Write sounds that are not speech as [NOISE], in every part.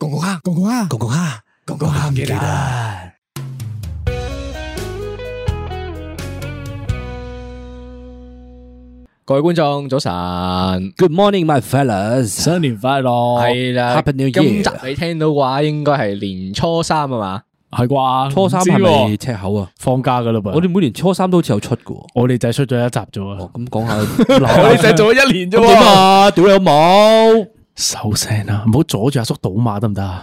公公哈，公公哈，公公哈，公公哈，唔記得。各位觀眾早晨，Good morning my fellas，新年快樂，係啦，Happy New Year。今集你聽到話應該係年初三啊嘛，係啩？初三係咪赤口啊？放假噶啦噃，我哋每年初三都好似有出噶，我哋就係出咗一集咗啊。咁講下，我哋就做咗一年啫。點啊？屌你老母！收聲啦，唔好阻住阿叔賭馬得唔得啊？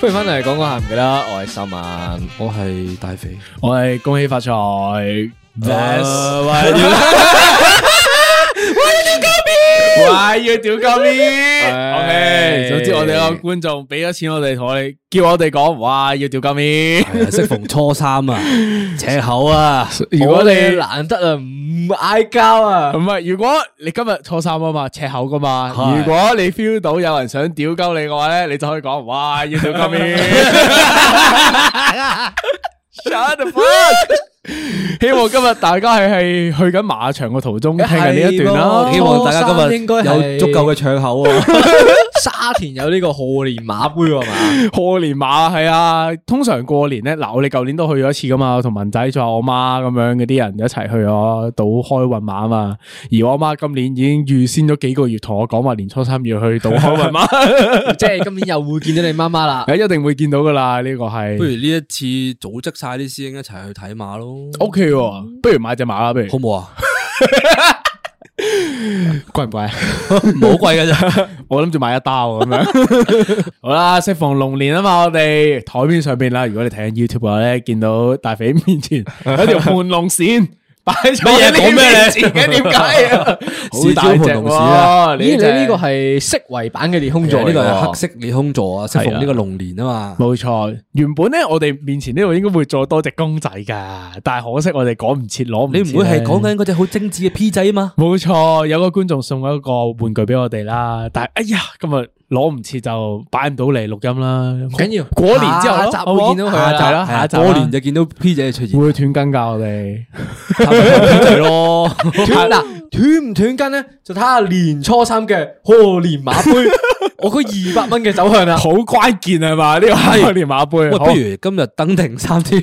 歡迎翻嚟，講講下唔記得，我係十萬，我係大肥，我係恭喜發財。Yes。哇！要屌鳩面，OK。總之我哋個觀眾俾咗錢，我哋同你叫我哋講，哇！要屌鳩面，適逢初三啊，赤口啊。如果你難得啊唔嗌交啊，唔係，如果你今日初三啊嘛，赤口噶嘛，如果你 feel 到有人想屌鳩你嘅話咧，你就可以講，哇！要屌鳩面。希望今日大家係係去緊馬場嘅途中的聽下呢一段啦。希望大家今日應該有足夠嘅唱口啊！ [LAUGHS] 沙田有呢個賀年馬杯係嘛？賀年 [LAUGHS] 吧馬係啊，通常過年咧，嗱我哋舊年都去咗一次噶嘛，同文仔仲有我媽咁樣嗰啲人一齊去啊，賭開運馬啊嘛。而我媽今年已經預先咗幾個月同我講話，年初三要去賭開運馬， [LAUGHS] [LAUGHS] 即係今年又會見到你媽媽啦。一定會見到噶啦，呢、這個係不如呢一次組織晒啲師兄一齊去睇馬咯。O、okay、K，、嗯、不如買隻馬啦，嗎 [LAUGHS] 貴，不如好唔好啊？貴唔貴啊？冇貴嘅啫，我諗住買一包咁樣 [LAUGHS] [LAUGHS] 好。好啦，適逢龍年啊嘛，我哋台面上邊啦。如果你睇緊 YouTube 嘅咧，見到大肥面前有 [LAUGHS] [LAUGHS] 一條盤龍線。擺錯嘢？講咩咧？點解 [LAUGHS] 啊？好大隻啊！咦， [MUSIC] 你呢個係色違版嘅裂空座呢對個係黑色裂空座啊，適逢呢個龍年啊嘛。冇錯，原本咧我哋面前呢度應該會再多隻公仔噶，但係可惜我哋趕唔切攞。你唔會係講緊嗰隻好精緻嘅 P 仔啊嘛？冇錯， [LAUGHS] 有個觀眾送咗一個玩具俾我哋啦。但係，哎呀，今日。攞唔切就擺唔到嚟錄音啦，緊要過年之後一集會見到佢啦，過年就見到 P 姐出現。會斷更㗎我哋係咯，斷嗱斷唔斷更咧？就睇下年初三嘅賀年馬杯，我嗰二百蚊嘅走向啦，好關鍵係嘛？呢個賀年馬杯，不如今日登停三天。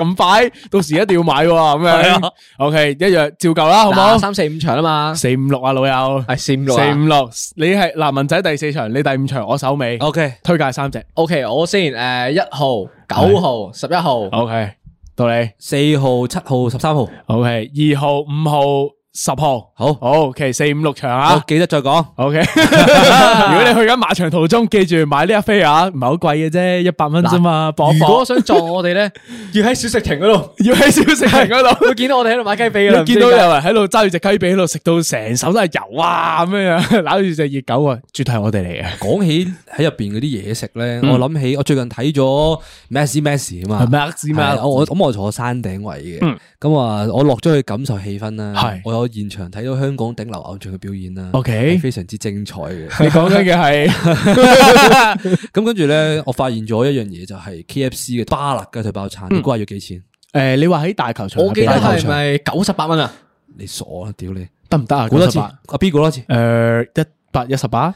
咁快，到時一定要買喎，咁樣。OK，一樣照舊啦，好唔好？三四五場啊嘛，四五六啊，老友係四五六。四五六，你係南文仔第四場，你第五場，我首尾。OK，推介三隻。OK，我先，誒，一號、九號、十一號。OK，到你。四號、七號、十三號。OK，二號、五號。十號，好好，OK，四五六場啊，記得再講，OK。如果你去緊馬場途中，記住買呢一飛啊，唔係好貴嘅啫，一百蚊啫嘛。如果想撞我哋咧，要喺小食亭嗰度，要喺小食亭嗰度，見到我哋喺度買雞髀啊！見到有人喺度揸住隻雞髀喺度食到成手都係油啊！咁樣，攋住隻熱狗啊，絕對係我哋嚟啊！講起喺入邊嗰啲嘢食咧，我諗起我最近睇咗 Messi Messi 啊嘛，Messi Messi，我我咁我坐山頂位嘅，咁啊我落咗去感受氣氛啦，係現場睇到香港頂流偶像嘅表演啦，OK，非常之精彩嘅。你講緊嘅係，咁跟住咧，我發現咗一樣嘢就係 KFC 嘅巴辣雞腿包餐，話要幾錢？誒，你話喺大球場，我記得係咪九十八蚊啊？你傻啊！屌你，得唔得啊？估多次啊？阿 B 估多次？誒，一百一十八，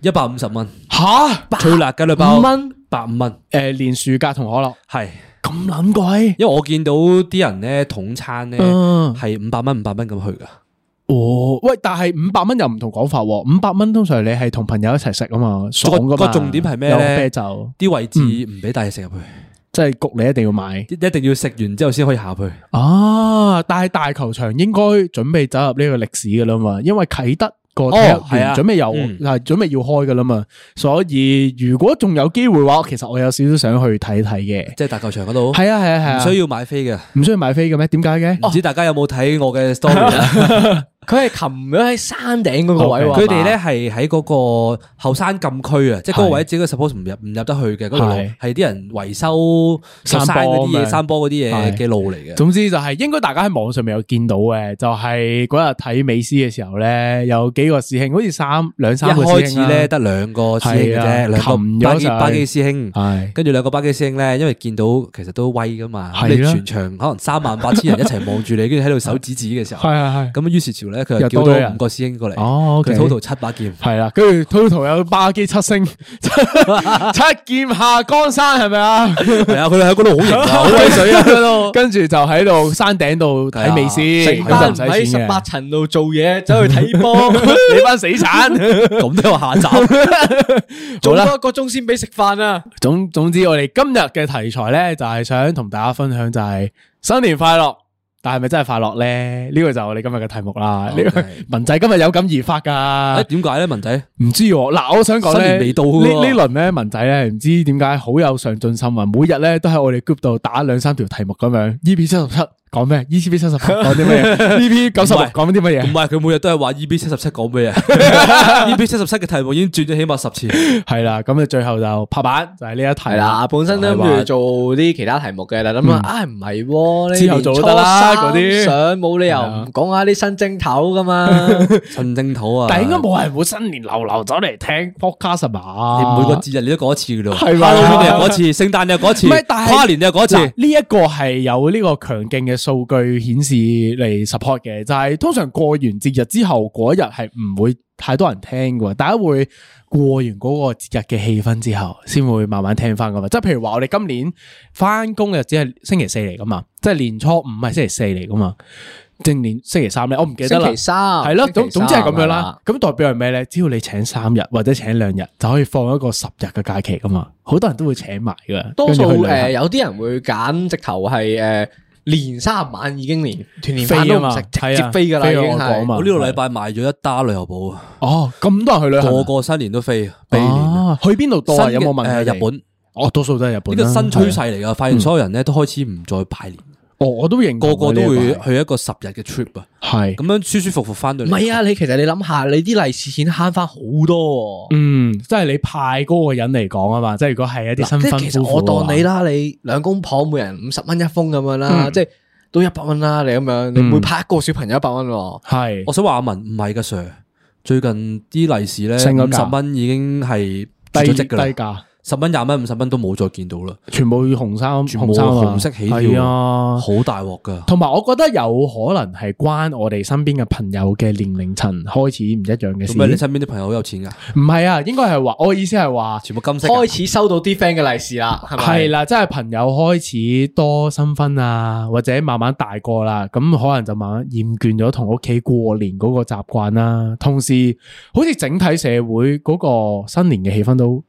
一百五十蚊。吓？脆辣雞腿包五蚊，百五蚊。誒，連薯格同可樂，係。咁撚鬼，因為我見到啲人咧統餐咧係五百蚊，五百蚊咁去噶。哦，喂，但係五百蚊又唔同講法喎、啊。五百蚊通常你係同朋友一齊食啊嘛，爽噶嘛。那個、重點係咩有啤酒，啲位置唔俾帶嘢食入去，即係焗你一定要買，一定要食完之後先可以下去。啊，但係大球場應該準備走入呢個歷史噶啦嘛，因為啟德。個係、哦、啊，準備有嗱，嗯、準備要開噶啦嘛，所以如果仲有機會嘅話，其實我有少少想去睇睇嘅。即係大球場嗰度，係啊係啊係啊，唔需要買飛嘅。唔、啊啊啊、需要買飛嘅咩？點解嘅？唔知大家有冇睇我嘅 story 啦。是啊 [LAUGHS] 佢係擒咗喺山頂嗰個位，佢哋咧係喺嗰個後山禁區啊，即係嗰個位自己 support 唔入唔入得去嘅嗰條路，係啲人維修山啲野山坡嗰啲嘢嘅路嚟嘅。總之就係應該大家喺網上面有見到嘅，就係嗰日睇美斯嘅時候咧，有幾個師兄，好似三兩三個一開始咧得兩個師兄嘅啫，擒咗巴基巴基師兄，跟住兩個巴基師兄咧，因為見到其實都威噶嘛，你全場可能三萬八千人一齊望住你，跟住喺度手指指嘅時候，咁啊於是佢又叫咗五個師兄過嚟，哦，佢 total 七把劍，係啦，跟住 total 有霸劍七星，七劍下江山係咪啊？係啊，佢哋喺嗰度好型好威水喺度。跟住就喺度山頂度睇美先，食飯唔使喺十八層度做嘢走去睇波，你班死慘，咁都有下集。做多一個鐘先俾食飯啊！總總之，我哋今日嘅題材咧，就係想同大家分享，就係新年快樂。但係咪真係快樂咧？呢、這個就係我哋今日嘅題目啦。Okay. 文仔今日有感而發噶，點解咧？文仔唔知。嗱、啊，我想講新年未到呢呢輪咧，文仔咧唔知點解好有上進心啊！每日咧都喺我哋 group 度打兩三條題目咁樣。EP 七十七。講咩？EP 七十七講啲乜嘢？EP 九十講啲乜嘢？唔係佢每日都係話 EP 七十七講乜嘢？EP 七十七嘅題目已經轉咗起碼十次，係啦，咁啊最後就拍板就係呢一題啦。本身咧，譬如做啲其他題目嘅，但諗下，啊，唔係，之後做都得啦。嗰啲，冇理由唔講下啲新正頭噶嘛？新正頭啊！但應該冇人會新年流流走嚟聽 podcast 嘛？每個節日你都講一次噶咯，係嘛？講一次，聖誕日講一次，跨年又講一次，呢一個係有呢個強勁嘅。數據顯示嚟 support 嘅，就係、是、通常過完節日之後嗰一日係唔會太多人聽嘅，大家會過完嗰個節日嘅氣氛之後，先會慢慢聽翻噶嘛。即係譬如話，我哋今年翻工嘅日只係星期四嚟噶嘛，即係年初五係星期四嚟噶嘛，正年星期三咧，我唔記得啦。星期三係咯了期，總總之係咁樣啦。咁期代表係咩咧？只要你請三日或者請兩日，就可以放一個十日嘅假期噶嘛。好多人都會請埋噶。多數誒、呃，有啲人會揀直頭係誒。呃年三十晚已經連團年飯都飛啊，直接飛噶啦，已經係。我呢個禮拜賣咗一打旅遊保啊。哦，咁多人去旅遊，個個新年都飛，飛年啊。哦，去邊度多啊？有冇問啊？日本，哦，多數都係日本呢個新趨勢嚟噶，發現所有人咧都開始唔再拜年。嗯我都認，個個都會去一個十日嘅 trip 啊，係咁是樣，舒舒服服翻到嚟。唔係啊，你其實你諗下，你啲利是錢慳翻好多啊。嗯，即係你派嗰個人嚟講啊嘛，即係如果係一啲新婚夫婦嘅話，我當你啦，你兩公婆每人五十蚊，一封咁樣啦，嗯、即係都一百蚊啦，你咁樣，你每派一個小朋友一百蚊。係。嗯、我想話阿文唔係噶 Sir，最近啲利是咧五十蚊已經係低咗值，啦。十蚊、廿蚊、五十蚊都冇再見到啦，全部紅衫，全部紅，紅色起跳，係啊，好大鑊㗎。同埋我覺得有可能係關我哋身邊嘅朋友嘅年齡層開始唔一樣嘅事。你身邊啲朋友好有錢㗎？唔係啊，應該係話，我意思係話，全部金色開始收到啲 friend 嘅利是啦，係咪、啊？係啦，即係朋友開始多新婚啊，或者慢慢大個啦，咁可能就慢慢厭倦咗同屋企過年嗰個習慣啦。同時，好似整體社會嗰個新年嘅氣氛都～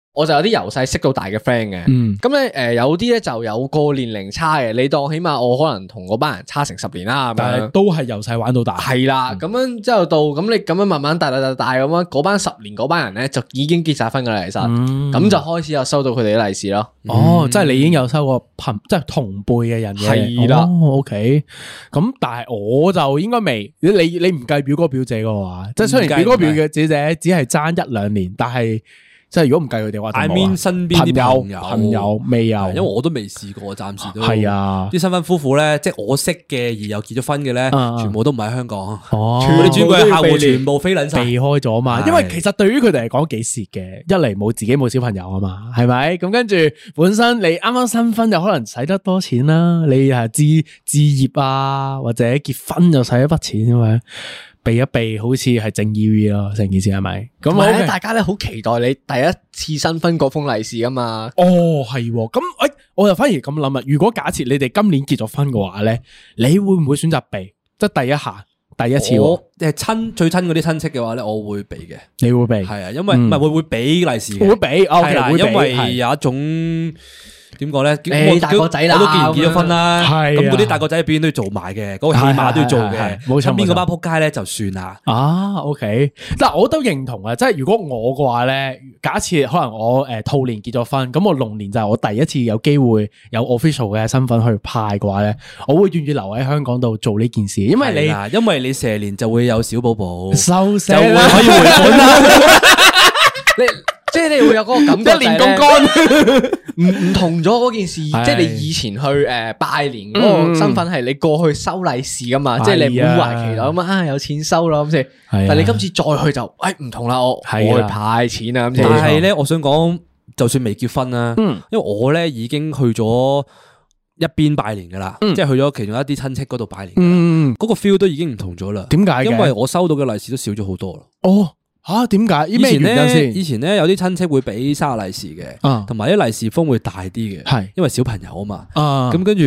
我就有啲由細識到大嘅 friend 嘅，咁咧誒，有啲咧就有個年齡差嘅。你當起碼我可能同嗰班人差成十年啦，但係都係由細玩到大。係啦的，咁、嗯、樣之後到咁你咁樣慢慢大大大大咁樣，嗰班十年嗰班人咧就已經結晒婚噶啦，其實咁就開始有收到佢哋啲利是咯。嗯、哦，即係你已經有收過朋，即係同輩嘅人係啦。OK，咁但係我就應該未，你你唔計表哥表姐嘅話，即係算雖然表哥表姐姐，姐只係爭一兩年，但係。即係如果唔計佢哋話，身邊啲朋友朋友未有，因為我都未試過，暫時都係啊！啲新婚夫婦咧，即係我識嘅而又結咗婚嘅咧，啊、全部都唔喺香港，啊、我下全部全部都避開咗嘛。因為其實對於佢哋嚟講幾蝕嘅，一嚟冇自己冇小朋友啊嘛，係咪？咁跟住本身你啱啱新婚又可能使得多錢啦，你係置置業啊，或者結婚就使一筆錢咁樣。避一避好似係正 E.V. 咯，成件事係咪？咁，大家咧好期待你第一次新婚嗰封利是噶嘛？哦，係，咁，誒、哎，我又反而咁諗啊，如果假設你哋今年結咗婚嘅話咧，你會唔會選擇避？即係第一下，第一次，我誒親最親嗰啲親戚嘅話咧，我會避嘅。你會避？係啊，因為唔係會會俾利是，會俾，因為有一種。點講咧？我大個仔啦，我都結完結咗婚啦。係咁，嗰啲大個仔邊人都要做埋嘅，嗰個起碼都要做嘅。冇錯，身邊嗰班撲街咧就算啦。啊，OK，但我都認同啊，即係如果我嘅話咧，假設可能我誒兔年結咗婚，咁我龍年就係我第一次有機會有 official 嘅身份去派嘅話咧，我會願意留喺香港度做呢件事。因為你，因為你蛇年就會有小寶寶，收聲，就會可以回本啦。即係你會有嗰個感覺咧，唔唔同咗嗰件事。即係你以前去誒拜年嗰個身份係你過去收利是噶嘛，即係你滿懷期待咁啊有錢收咯咁。但係你今次再去就誒唔同啦，我我要派錢啦。但係咧，我想講就算未結婚啦，因為我咧已經去咗一邊拜年噶啦，即係去咗其中一啲親戚嗰度拜年，嗰個 feel 都已經唔同咗啦。點解？因為我收到嘅利是都少咗好多啦。哦。吓？點解、啊？以前呢，以前咧有啲親戚會俾生日利是嘅，同埋啲利是封會大啲嘅，是因為小朋友啊嘛。咁、嗯、跟住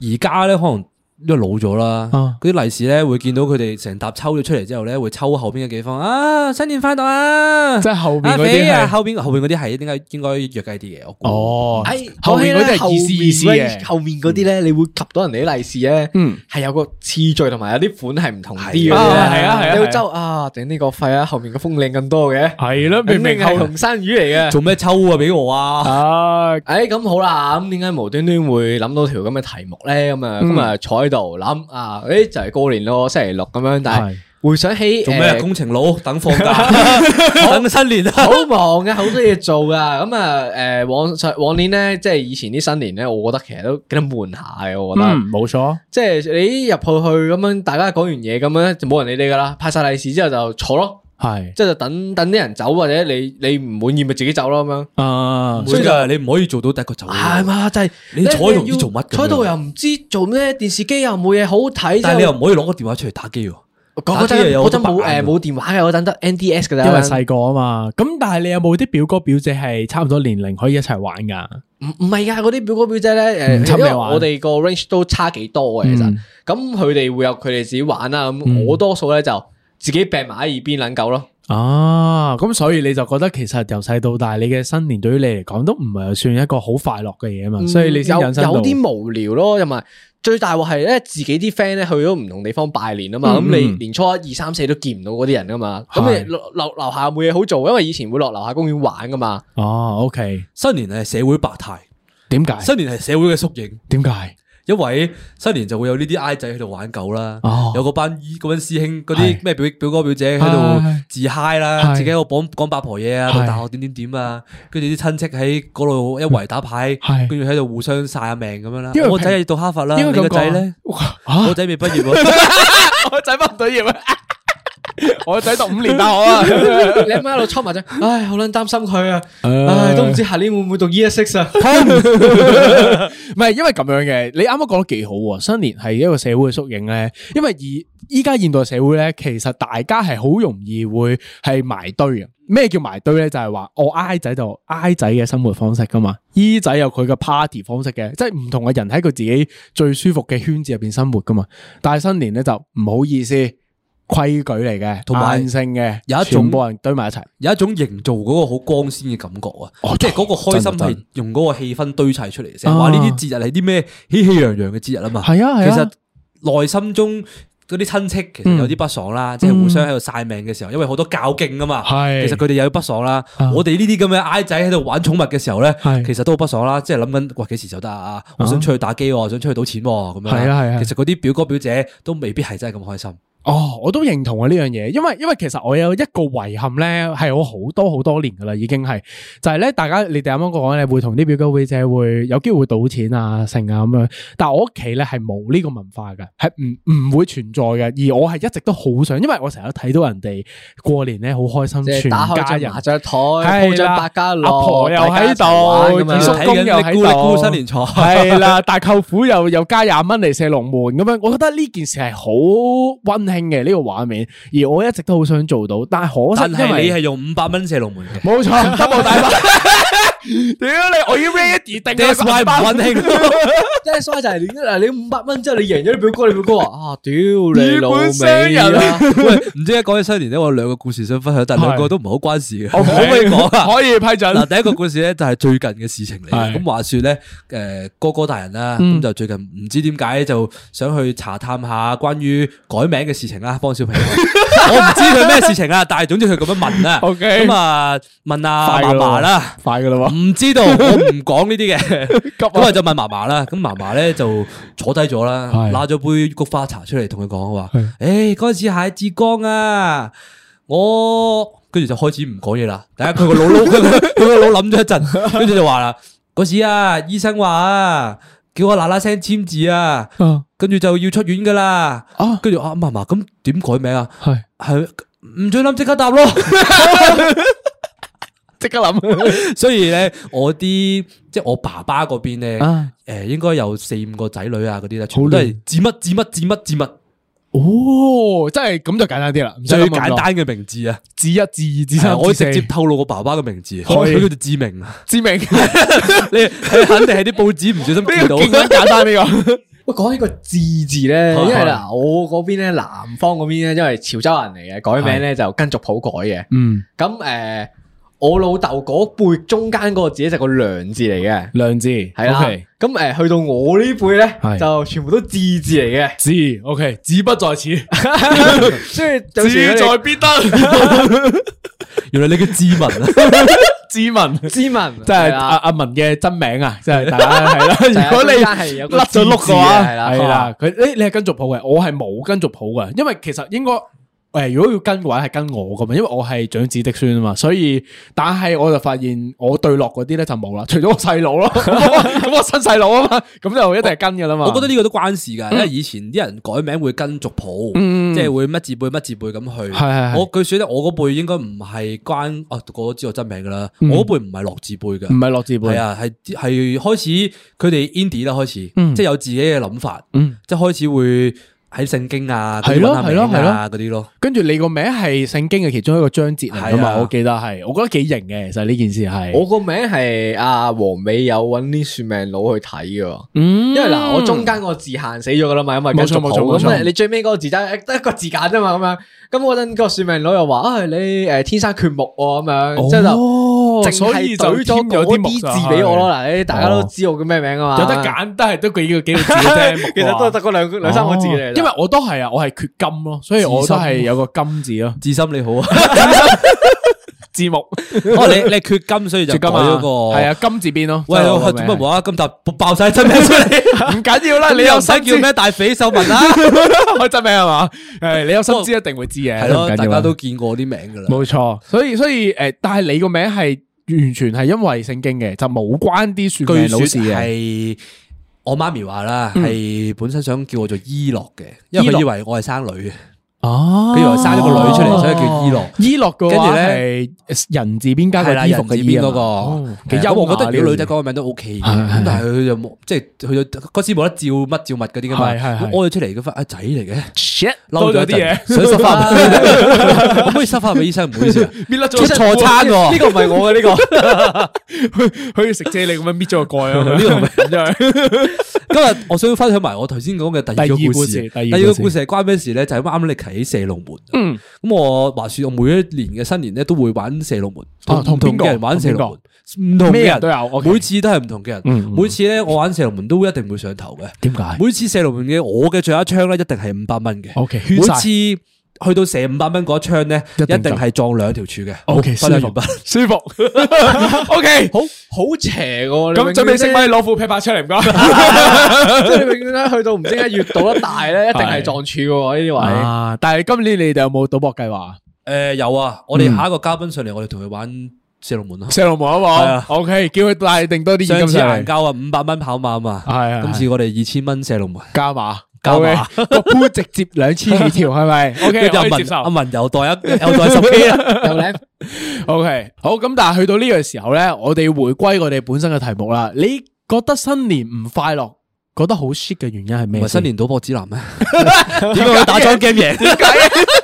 而家咧，可能。因為老咗啦，嗰啲利是咧會見到佢哋成沓抽咗出嚟之後咧，會抽後邊嘅幾方啊，新年快樂啊，即係後邊嗰啲啊，後邊後邊嗰啲係點解應該約計啲嘅？哦，後邊嗰啲係意思意思嘅，後邊嗰啲咧你會及到人哋啲利是咧，係有個次序同埋有啲款係唔同啲嘅，係啊係啊，要周啊頂呢個肺啊，後面嘅風領咁多嘅，係咯，明明後龍山魚嚟嘅，做咩抽啊俾我啊？哎，咁好啦，咁點解無端端會諗到條咁嘅題目咧？咁啊咁啊坐喺。就諗啊，誒、哎、就係、是、過年咯，星期六咁樣，但係回想起誒、呃、工程佬等放假， [LAUGHS] 等新年, [LAUGHS] 等新年好，好忙嘅，好多嘢做噶。咁啊，誒、呃、往往年咧，即係以前啲新年咧，我覺得其實都幾得悶下嘅。我覺得冇錯，嗯、錯即係你入去去咁樣，大家講完嘢咁樣就冇人理你噶啦，派晒利是之後就坐咯。係，即係等等啲人走或者你你唔滿意咪自己走咯咁樣。啊，唔會噶，你唔可以做到第一個走。係嘛，就係你坐喺度唔知做乜，坐度又唔知做咩，電視機又冇嘢好睇。但係你又唔可以攞個電話出嚟打機喎。打機又有好白眼。誒，冇電話嘅，我等得 NDS 嘅。因為細個啊嘛。咁但係你有冇啲表哥表姐係差唔多年齡可以一齊玩噶？唔唔係噶，嗰啲表哥表姐咧，誒，因為我哋個 range 都差幾多嘅其實。咁佢哋會有佢哋自己玩啦。咁我多數咧就。自己病埋喺耳邊捻狗咯，啊！咁、啊、所以你就覺得其實由細到大，你嘅新年對於你嚟講都唔係算一個好快樂嘅嘢啊嘛，嗯、所以你有有啲無聊咯，又咪最大話係咧自己啲 friend 咧去咗唔同地方拜年啊嘛，咁、嗯、你年初一、二、三四都見唔到嗰啲人啊嘛，咁、嗯、你樓樓下冇嘢好做，因為以前會落樓下公園玩噶嘛。哦、啊，OK，新年係社會百態，點解？新年係社會嘅縮影，點解？因為新年就會有呢啲 I 仔喺度玩狗啦，哦、有嗰班嗰班師兄，嗰啲咩表哥表姐喺度自嗨啦，是自己喺度講八婆嘢，啊，是到大學點點點啊，跟住啲親戚喺嗰度一圍打牌，跟住喺度互相晒下命咁樣啦。我仔係讀哈佛啦，你個仔咧？我仔未畢業喎， [LAUGHS] [LAUGHS] [LAUGHS] 我仔畢唔到業喎。 [LAUGHS] 我仔讀五年大學啊！ [LAUGHS] 你啱啱喺度沖埋啫，唉，好捻擔心佢啊！唉，都唔知下年會唔會讀 E S X 啊？唔係， [LAUGHS] [LAUGHS] 因為咁樣嘅，你啱啱講得幾好。新年係一個社會嘅縮影咧，因為而依家現代社會咧，其實大家係好容易會係埋堆啊。咩叫埋堆咧？就係、是、話我 I 仔就 I 仔嘅生活方式噶嘛，E 仔有佢嘅 party 方式嘅，即係唔同嘅人喺佢自己最舒服嘅圈子入邊生活噶嘛。但係新年咧就唔好意思。規矩嚟嘅，同埋硬性嘅，有一種冇人堆埋一齊，有一種營造嗰個好光鮮嘅感覺啊！即係嗰個開心係用嗰個氣氛堆砌出嚟，成日話呢啲節日係啲咩喜喜洋洋嘅節日啊嘛！係啊，其實內心中嗰啲親戚其實有啲不爽啦，即係互相喺度曬命嘅時候，因為好多較勁啊嘛。其實佢哋有啲不爽啦。我哋呢啲咁嘅 I 仔喺度玩寵物嘅時候咧，其實都好不爽啦。即係諗緊喂幾時就得啊！我想出去打機，我想出去賭錢咁樣。係啊係啊！其實嗰啲表哥表姐都未必係真係咁開心。哦，我都認同啊呢樣嘢，因為因為其實我有一個遺憾咧，係我好多好多年噶啦，已經係就係咧，大家你哋啱啱講咧，你會同啲表哥表姐會有機會賭錢啊、剩啊咁樣，但係我屋企咧係冇呢個文化嘅，係唔唔會存在嘅，而我係一直都好想，因為我成日睇到人哋過年咧好開心，即係打開隻麻將台，係啦，阿婆又喺度，阿叔公又喺度，新年菜係啦，大舅父又又加廿蚊嚟射龍門咁樣， [LAUGHS] 我覺得呢件事係好溫馨。興嘅呢個畫面，而我一直都好想做到，但係可惜係、就是、你係用五百蚊射龍門，冇錯錯，冇 [LAUGHS] 大把。 [LAUGHS] 屌你，我要 ready 定啊！十八蚊，爹衰就係你五百蚊之後你贏咗啲表哥，你表哥話啊，屌你老味啊！唔知一講起新年咧，我有兩個故事想分享，但係兩個都唔好關事嘅。我可唔可以講啊？可以批准。嗱，第一個故事咧就係最近嘅事情嚟嘅。咁話說咧，誒，哥哥大人啦，咁就最近唔知點解就想去查探下關於改名嘅事情啦。幫小朋友，我唔知佢咩事情啊，但係總之佢咁樣問啊。OK，咁啊，問阿爸爸啦，快噶啦唔知道，我唔講呢啲嘅。咁我 [LAUGHS] 就問嫲嫲啦，咁嫲嫲咧就坐低咗啦，攞咗的杯菊花茶出嚟同佢講，我話的：，誒、欸，嗰時係浙江啊，我跟住就開始唔講嘢啦。第一佢個腦諗咗一陣，跟住就話啦，嗰 [LAUGHS] 時啊，醫生話啊，叫我嗱嗱聲簽字啊，跟住、啊、就要出院噶啦。跟住阿嫲嫲咁點改名啊？係係唔再諗，即刻答咯。即刻諗， [LAUGHS] 所以咧，我啲即係我爸爸嗰邊咧，誒，應該有四五個仔女啊，嗰啲咧，全部都係志乜志乜志乜志乜，哦，真係咁就簡單啲啦，最簡單嘅名字啊，志一、志二、志三，嗯、四我直接透露我爸爸嘅名字，佢以叫做志明，志明。 [LAUGHS] [LAUGHS] 你肯定係啲報紙唔小心見到， [LAUGHS] 簡單呢個，喂，講呢個志字咧，因為嗱，我嗰邊咧，南方嗰邊咧，因為潮州人嚟嘅，改名咧就跟族譜改嘅，嗯，咁誒。呃我老豆嗰輩中間嗰個字就係個良字嚟嘅，良字係啦。咁誒的 Okay.，去到我呢輩咧，的就全部都字字嚟嘅字。O K，字不在此， [LAUGHS] 即係字在必得。 [LAUGHS] 原來你嘅字文，字 [LAUGHS] 文，字文，即係阿阿文嘅真名啊！即係大家係啦。如果你係甩咗六字嘅，係啦，係啦。佢誒、哎，你係跟族譜嘅，我係冇跟族譜嘅，因為其實應該。 [LAUGHS] 誒，如果要跟嘅話，係跟我噶嘛，因為我係長子嫡孫啊嘛，所以但係我就發現我對落嗰啲咧就冇啦，除咗我細佬咯， [LAUGHS] [LAUGHS] 我新細佬啊嘛，咁就一定係跟噶啦嘛。我覺得呢個都關事噶，嗯、因為以前啲人改名會跟族譜，嗯、即係會乜字輩乜字輩咁去。嗯、我據說咧，我嗰輩應該唔係關，啊過咗知道真名噶啦，嗯、我嗰輩唔係樂字輩嘅，唔係樂字輩係啊係係開始佢哋 indie 啦開始，嗯、即係有自己嘅諗法，即係開始會。嗯喺聖經啊，係咯，係咯，係咯嗰啲咯，跟住你個名係聖經嘅其中一個章節啊嘛，我記得係，我覺得幾型嘅。其實呢件事係我個名係阿黃美有揾啲算命佬去睇嘅，因為嗱我中間個字限死咗噶啦嘛，因為筆數唔夠咁啊，你最尾嗰個字得得一個字揀啫嘛，咁樣，咁嗰陣個算命佬又話啊你誒，天生缺木咁樣，即係就。所以就當有啲字俾我咯嗱，的你大家都知我叫咩名啊嘛，有、哦、得揀 [LAUGHS] 都係都幾幾字嘅啫。 [LAUGHS] 其實都係得兩兩三個字嘅，因為、哦、我都係啊，我係缺金咯，所以我，我都係有個金字咯。智深、啊、深你好啊深。 [LAUGHS] 字幕，哦，你你缺金，所以就改咗個係啊，金字邊咯。喂，做乜鬼啊？金就爆晒真名出嚟，唔緊要啦。你又想叫咩大匪秀文啊？我真名係嘛？誒，你有心知一定會知嘅。係咯，大家都見過啲名噶啦。冇錯，所以所以誒，但係你個名係完全係因為聖經嘅，就冇關啲算命老師。據說係我媽咪話啦，係本身想叫我做伊樂嘅，因為佢以為我係生女嘅。哦，佢以為生咗個女出嚟，所以叫伊樂。伊樂嘅，跟住咧人字邊加係啦，從字邊嗰個。其實我覺得呢個女仔講個名都 OK，但係佢就冇，即係佢嗰時冇得照乜照物嗰啲噶嘛。屙咗出嚟嗰忽，阿仔嚟嘅，漏咗啲嘢，想濕發，可以濕發俾醫生，唔好意思啊，搣甩咗錯餐，呢個唔係我嘅呢個，佢去食啫，你咁樣搣咗個蓋啊，呢個唔係咁樣。今日我想分享埋我頭先講嘅第二個故事，第二個故事係關咩事咧？就咁啱你喺射龍門，嗯，咁我話說我每一年嘅新年咧都會玩射龍門，同邊嘅人玩射龍門，唔同嘅人，咩人都有，okay、每次都係唔同嘅人，嗯嗯、每次咧我玩射龍門都一定會上頭嘅，點解？每次射龍門嘅我嘅最後一槍咧一定係五百蚊嘅，OK，每次。去到成五百蚊嗰一槍咧，一定係撞兩條柱嘅。O K，十分舒服。O K，好好邪嘅。咁準備升咪攞副啤牌出嚟，唔該。即係永遠咧，去到唔知解越賭得大咧，一定係撞柱嘅呢啲位。啊！但係今年你哋有冇賭博計劃？誒，有啊！我哋下一個嘉賓上嚟，我哋同佢玩射龍門咯。射龍門啊嘛。O K，叫佢帶定多啲。今次難教啊，五百蚊跑馬啊嘛。係。今次我哋二千蚊射龍門加碼。教嘛 Okay, 個杯直接兩千幾條係咪？O K 可以接受。阿文,文又袋一又袋十 K 啦，O K 好咁，但係去到呢樣時候咧，我哋回歸我哋本身嘅題目啦。你覺得新年唔快樂？覺得好 shit 嘅原因係咩？唔係新年賭博指南咩？點解 [LAUGHS] [LAUGHS] 打咗 game 贏？點解？ [LAUGHS]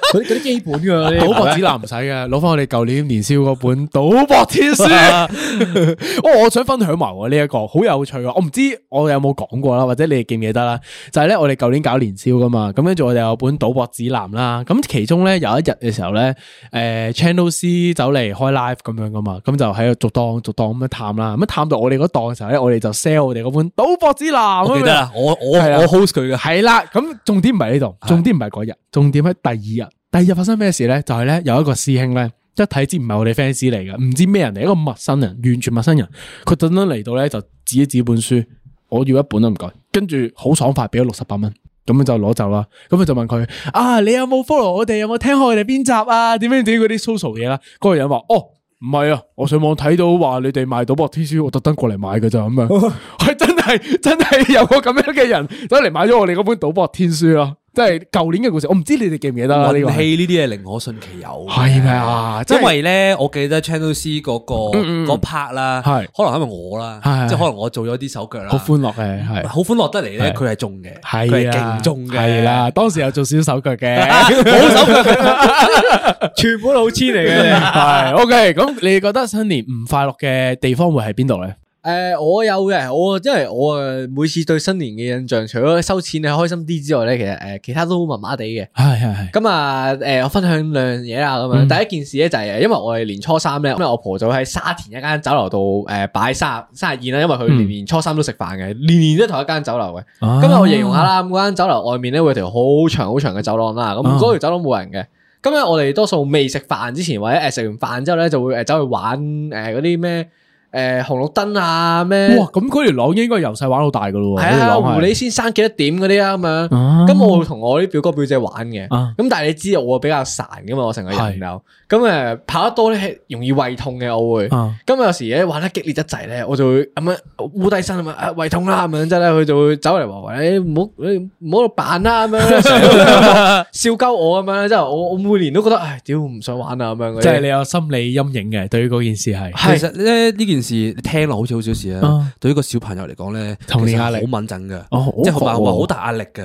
啲 [LAUGHS] 基本嘅賭 [LAUGHS] 博指南唔使嘅，攞翻 [LAUGHS] 我哋舊年年宵嗰本賭博天書。 [LAUGHS] 哦，我想分享埋呢一、這個，好有趣啊！我唔知我有冇講過啦，或者你哋記唔記得啦？就係咧，我哋舊年搞年宵噶嘛，咁跟住我哋有本賭博指南啦。咁其中咧有一日嘅時候咧，誒、呃、，channel C 走嚟開 live 咁樣噶嘛，咁就喺度逐檔逐檔咁樣探啦，咁探到我哋嗰檔嘅時候咧，我哋就 sell 我哋嗰本賭博指南。Okay, 記得我我的我 host 佢嘅係啦，咁重點唔係呢度，重點唔係嗰日，重點喺的第二日。第二日發生咩事咧？就係、是、咧有一個師兄咧，一睇知唔係我哋 fans 嚟嘅，唔知咩人嚟，一個陌生人，完全陌生人。佢特登嚟到咧，就指一指本書，我要一本都唔該。跟住好爽快俾咗六十八蚊，咁樣就攞走啦。咁佢就問佢啊，你有冇 follow 我哋？有冇聽開我哋邊集啊？點點點嗰啲 social 嘢啦、啊？嗰個人話哦。唔係啊，我上網睇到話你哋賣賭博天書，我特登過嚟買㗎咋。咁樣，係、嗯、 [LAUGHS] 真係真係有個咁樣嘅人，都嚟買咗我哋嗰本賭博天書啦、啊。即係舊年嘅故事，我唔知你哋記唔記得我哋個戲呢啲嘢寧可信其有，係咪啊？因為咧，我記得 Channel C 嗰個 part 啦，係可能因為我啦，即係可能我做咗啲手腳啦，好歡樂嘅，係好歡樂得嚟咧，佢係中嘅，係啊，勁中嘅啦，當時有做少少手腳嘅，冇手腳，全部都好黐嚟嘅，係 OK。咁你覺得新年唔快樂嘅地方會喺邊度咧？誒，我有嘅，我因為我啊每次對新年嘅印象，除咗收錢你開心啲之外咧，其實誒其他都好麻麻地嘅。係係係。咁啊、嗯，誒我分享兩樣嘢啦，咁樣第一件事咧就係，因為我哋年初三咧，咁我婆就喺沙田一間酒樓度誒擺三廿三廿日宴啦，因為佢年年初三都食飯嘅，年年都同一間酒樓嘅。咁啊、哎嗯嗯，我形容下啦，咁間酒樓外面咧會有條好長好長嘅走廊啦，咁嗰條走廊冇人嘅。咁啊，我哋多數未食飯之前或者誒食完飯之後咧就會誒走去玩誒嗰啲咩？呃誒、呃，紅綠燈啊，咩？哇！咁嗰條狼應該由細玩到大噶咯喎。係啊，狐狸先生幾多點嗰啲啊，咁樣。咁、嗯、會我同我啲表哥表姐玩嘅。咁、嗯、但係你知我比較孱噶嘛，我成個人友。咁誒跑得多咧，係容易胃痛嘅。我會，咁有時誒玩得激烈得滯咧，我就會咁樣污低身啊嘛，胃痛啦咁樣，即係咧佢就會走嚟話：喂，唔好，你唔好喺度扮啦咁樣，笑鳩我咁樣。即係我我每年都覺得，唉，屌唔想玩啊咁樣。即係你有心理陰影嘅，對於嗰件事係。其實咧呢件事聽落好似好小事啊，對於個小朋友嚟講咧，其實好敏銳嘅，即係好大壓力嘅。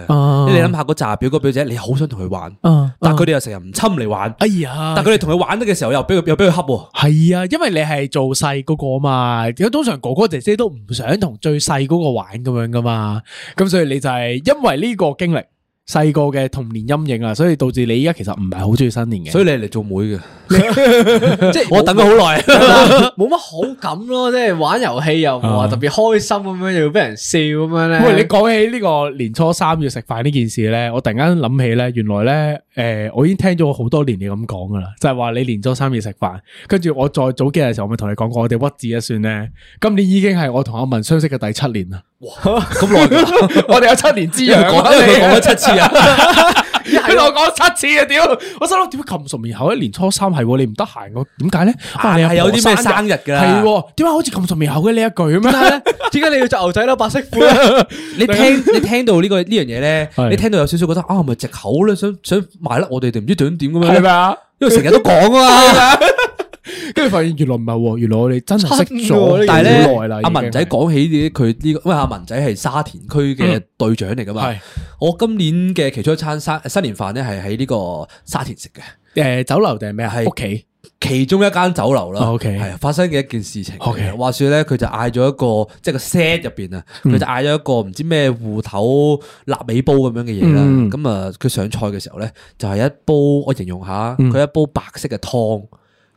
你諗下嗰紮表哥表姐，你好想同佢玩，但佢哋又成日唔侵嚟玩。哎呀！但佢哋同。玩得嘅時候又俾佢又俾佢恰喎，係啊，啊，因為你係做細嗰個嘛，咁通常哥哥姐姐都唔想同最細嗰個玩咁樣噶嘛，咁所以你就係因為呢個經歷。細個嘅童年陰影啊，所以導致你依家其實唔係好中意新年嘅。所以你嚟做妹嘅，即係我等咗好耐，冇乜好感咯。即係玩遊戲又唔話特別開心咁樣，又要俾人笑咁樣咧。喂、啊， [LAUGHS] 你講起呢個年初三要食飯呢件事咧，我突然間諗起咧，原來咧，誒、呃，我已經聽咗好多年你咁講噶啦，就係、是、話你年初三要食飯。跟住我再早幾日嘅時候，我咪同你講過，我哋屈指一算咧，今年已經係我同阿文相識嘅第七年啦。咁耐， [LAUGHS] 我哋有七年之癢，我聽佢講咗七次啊，一係 [LAUGHS] 我講咗七次啊，屌！我心諗點解咁熟面口？喺年初三係、啊、你唔得閒個？點解咧？係有啲咩生日噶？係點解好似咁熟面口嘅呢一句咩？點解 [LAUGHS] 你要着牛仔褸白色褲？ [LAUGHS] 你聽你聽到呢、呢個呢樣嘢咧，你聽到有少少覺得啊，咪藉口咧，想想埋甩我哋定唔知想點咁樣？係咪啊？因為成日都講啊嘛。 [LAUGHS] 跟住發現原來唔係喎，原來我哋真係識咗。但係咧，阿文仔講起佢呢，因為阿文仔係沙田區嘅隊長嚟噶嘛。係，我今年嘅其中一餐新新年飯咧，係喺呢個沙田食嘅。誒，酒樓定係咩啊？係屋企其中一間酒樓啦。OK，係發生嘅一件事情。OK，話説咧，佢就嗌咗一個，即係個 set 入邊啊，佢就嗌咗一個唔知咩芋頭臘味煲咁樣嘅嘢啦。咁啊，佢上菜嘅時候咧，就係一煲，我形容下，佢一煲白色嘅湯。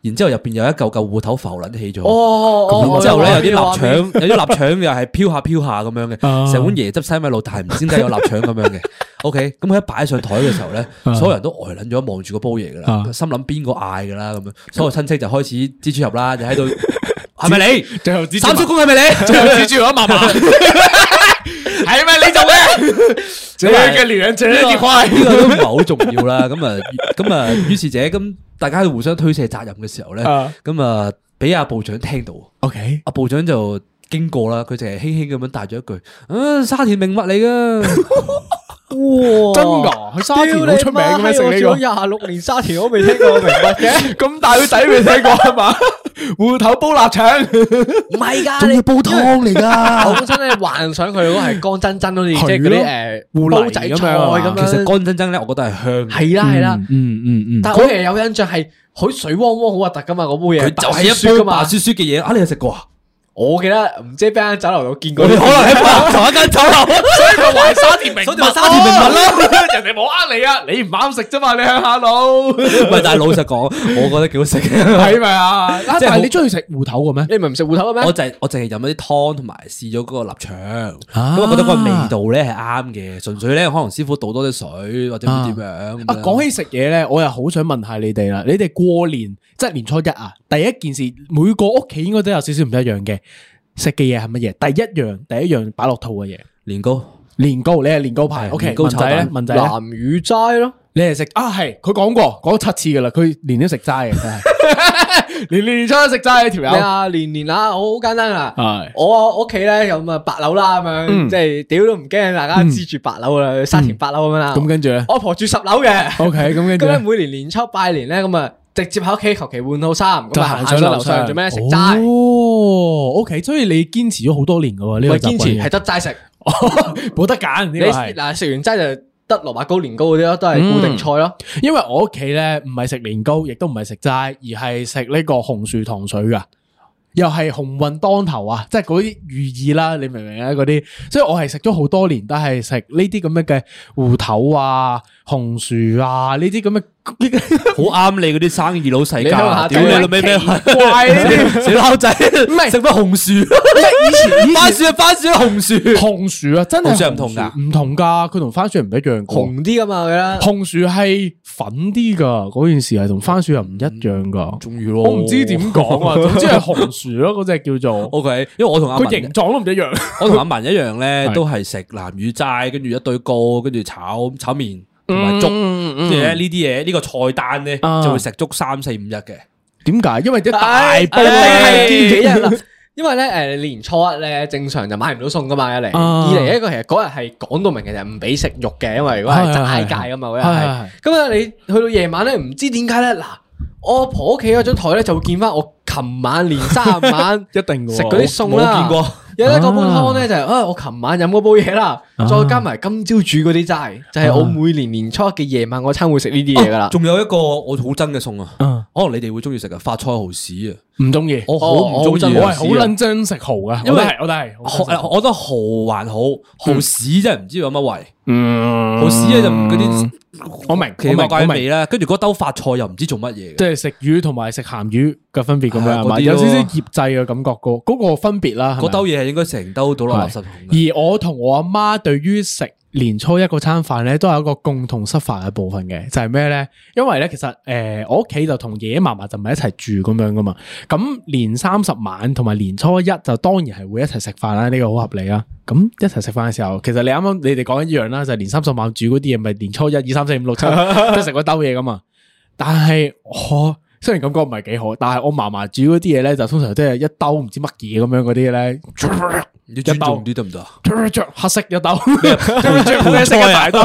然之後入邊有一嚿嚿芋頭浮撚起咗，咁之後咧有啲臘腸，有啲臘腸又係飄下飄下咁樣嘅，成碗椰汁西米露，但係唔知點解有臘腸咁樣嘅。O K，咁佢一擺上台嘅時候咧，所有人都呆撚咗，望住個煲嘢噶啦，心諗邊個嗌噶啦咁樣，所有親戚就開始蜘蛛入啦，就喺度係咪你？三叔公係咪你？最後蜘蛛阿嫲嫲。係咪你做咩？即係嘅料，者，係幾快。呢個都唔係好重要啦。咁啊，咁啊，於是者咁，大家喺互相推卸責任嘅時候咧，咁啊，俾阿部長聽到。O K，阿部長就經過啦，佢淨係輕輕咁樣帶咗一句，嗯、啊，沙田名物嚟噶。 [LAUGHS] 哇，真噶！佢沙田好出名嘅成呢廿六年沙田，我未聽過名物嘅，咁 [LAUGHS] 大個仔未聽過係嘛？ [LAUGHS] [LAUGHS] 芋頭煲臘腸唔係噶，仲要煲湯嚟噶。我本身幻想佢嗰係乾爭爭好似，即係嗰啲誒芋泥仔咁樣。其實乾爭爭咧，我覺得係香。係啦係啦，嗯嗯嗯。但係我其實有印象係佢水汪汪，好核突噶嘛，嗰杯嘢。就係一煲白疏疏嘅嘢，啊你有食過啊？我記得唔知邊間酒樓有見過，你可能喺同一間酒樓， [LAUGHS] 所以話沙田名物咯，人哋冇呃你啊，你唔啱食啫嘛，你向下路。唔係，但係老實講，我覺得幾好食，係咪啊？即係是你中意食芋頭嘅咩？你唔係唔食芋頭咩？我淨係我淨係飲咗啲湯，同埋試咗嗰個臘腸，咁啊覺得個味道咧係啱嘅，純粹咧可能師傅倒多啲水或者點樣啊。啊，講、啊、起食嘢咧，我又好想問下你哋啦，你哋過年即係年初一啊，第一件事每個屋企應該都有少少唔一樣嘅。食嘅嘢係乜嘢？第一樣第一樣擺落肚嘅嘢，年糕，年糕，你係年糕派，OK 文仔咧，文仔，南乳齋咯，你係食啊？係佢講過講七次噶啦，佢年年食齋嘅，真係年年年初食齋，條友，年年啦，我好簡單噶，係我屋企咧，咁啊八樓啦，咁樣即係屌都唔驚，大家知住八樓啦，沙田八樓咁樣啦。咁跟住咧，我婆住十樓嘅，OK？咁跟住每年年初拜年咧，咁啊。直接喺屋企求其換套衫，咁行上咗樓上做咩食齋？哦，哦，OK，所以你堅持咗好多年噶喎，呢個堅持係 [LAUGHS] 得齋選食，冇得揀。你嗱食完齋就得蘿蔔糕、年糕嗰啲咯，都係固定菜咯，嗯。因為我屋企咧唔係食年糕，亦都唔係食齋，而係食呢個紅薯糖水噶，又係鴻運當頭啊！即係嗰啲寓意啦，你明唔明啊？嗰啲，所以我係食咗好多年都係食呢啲咁樣嘅芋頭啊、紅薯啊呢啲咁嘅。這好啱你嗰啲生意佬世界，屌你老味咩？怪啲小撈仔，唔係食乜紅薯？番薯啊，番薯，紅薯，紅薯啊，真係唔同噶，唔同噶，佢同番薯唔一樣，紅啲噶嘛佢啦，紅薯係粉啲噶，嗰件事係同番薯又唔一樣噶，仲要我唔知點講啊，總之係紅薯咯，嗰隻叫做 OK，因為我同阿文佢形狀都唔一樣，我同阿文一樣咧，都係食南乳齋，跟住一堆糕，跟住炒炒麵。同埋粥，即係呢啲嘢，呢個菜單咧，啊、就會食粥三四五日嘅。點解？因為啲大煲係幾日，因為咧誒年初一咧，正常就買唔到餸噶嘛。一嚟，二嚟，啊，一個其實嗰日係講到明嘅，就唔俾食肉嘅，因為如果係齋戒啊嘛嗰日係。咁啊，你去到夜晚咧，唔知點解咧嗱。我婆屋企嗰張台咧，就會見翻我琴晚連三晚一定嘅食嗰啲餸啦。有得嗰煲湯咧，就係我琴晚飲嗰杯嘢啦。再加埋今朝煮嗰啲齋，就係我每年年初一嘅夜晚嗰餐會食呢啲嘢噶啦。仲有一個我好憎嘅餸啊，可能你哋會中意食啊，發菜蠔屎啊，唔中意。我好唔中意。我係好撚憎食蠔嘅，我都係，我都係。我覺得蠔還好，蠔屎真係唔知有乜味。蠔屎咧就嗰啲，我明，我明，怪味啦，跟住兜發菜又唔知做乜嘢。食魚同埋食鹹魚嘅分別咁樣啊嘛，哎、呀吧有少少醃製嘅感覺，那個別，嗰個分別啦。嗰兜嘢係應該成兜倒落垃圾桶。而我同我阿媽對於食年初一個餐飯咧，都有一個共同失飯嘅部分嘅，就係咩咧？因為咧，其實誒、呃，我屋企就同爺爺嫲嫲就唔係一齊住咁樣噶嘛。咁年三十晚同埋年初一就當然係會一齊食飯啦，呢、這個好合理啊。咁一齊食飯嘅時候，其實你啱啱你哋講一樣啦，就係、是、年三十晚煮嗰啲嘢，咪年初一二三四五六七即係食嗰兜嘢噶嘛。但係我雖然感覺唔係幾好，但係我嫲嫲煮嗰啲嘢咧，就通常都係一兜唔知乜嘢咁樣嗰啲咧。 [LAUGHS] 一包唔 [MUSIC] [LAUGHS] 知得唔得黑色一兜，着黑色嘅大豆，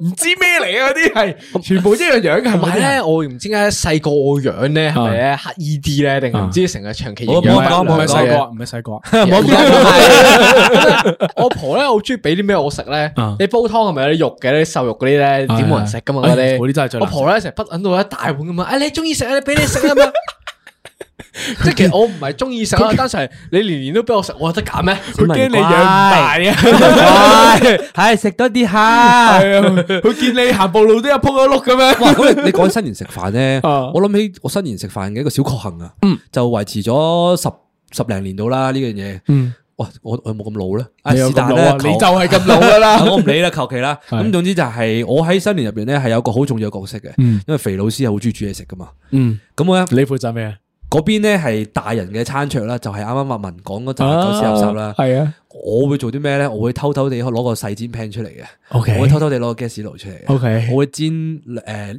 唔知咩嚟啊？嗰啲係全部一、嗯嗯、樣樣，係咪咧？我唔知點解細個我樣咧，係咪咧？刻意啲咧，定唔知成日長期？我唔係細個，唔係細個，唔係細個。我婆咧好中意俾啲咩我食咧？你煲湯係咪有啲肉嘅？啲瘦肉嗰啲咧，點冇人食噶嘛？嗰啲我婆咧成日滗到一大碗咁啊！你中意食你俾你食啦嘛。 [LAUGHS] 即係其實我唔係中意食啊，單純你年年都俾我食，我有得揀咩？佢驚你養唔大啊！係食多啲蝦，佢見你行步路都有撲一碌咁樣。哇！你講新年食飯咧，我諗起我新年食飯嘅一個小確幸啊！就維持咗十十零年到啦呢樣嘢。嗯，我我冇咁老咧，阿是但咧，你就係咁老噶啦，我唔理啦，求其啦。咁總之就係我喺新年入邊咧，係有個好重要嘅角色嘅。因為肥老師係好中意煮嘢食噶嘛。嗯，咁咧你負責咩？嗰邊咧係大人嘅餐桌，就是，剛剛啦，就係啱啱阿文講嗰陣時有始有終啦。係啊，啊啊我會做啲咩咧？我會偷偷地攞個細煎 pan 出嚟嘅。OK，我會偷偷地攞個 gas 爐出嚟。OK，我會煎誒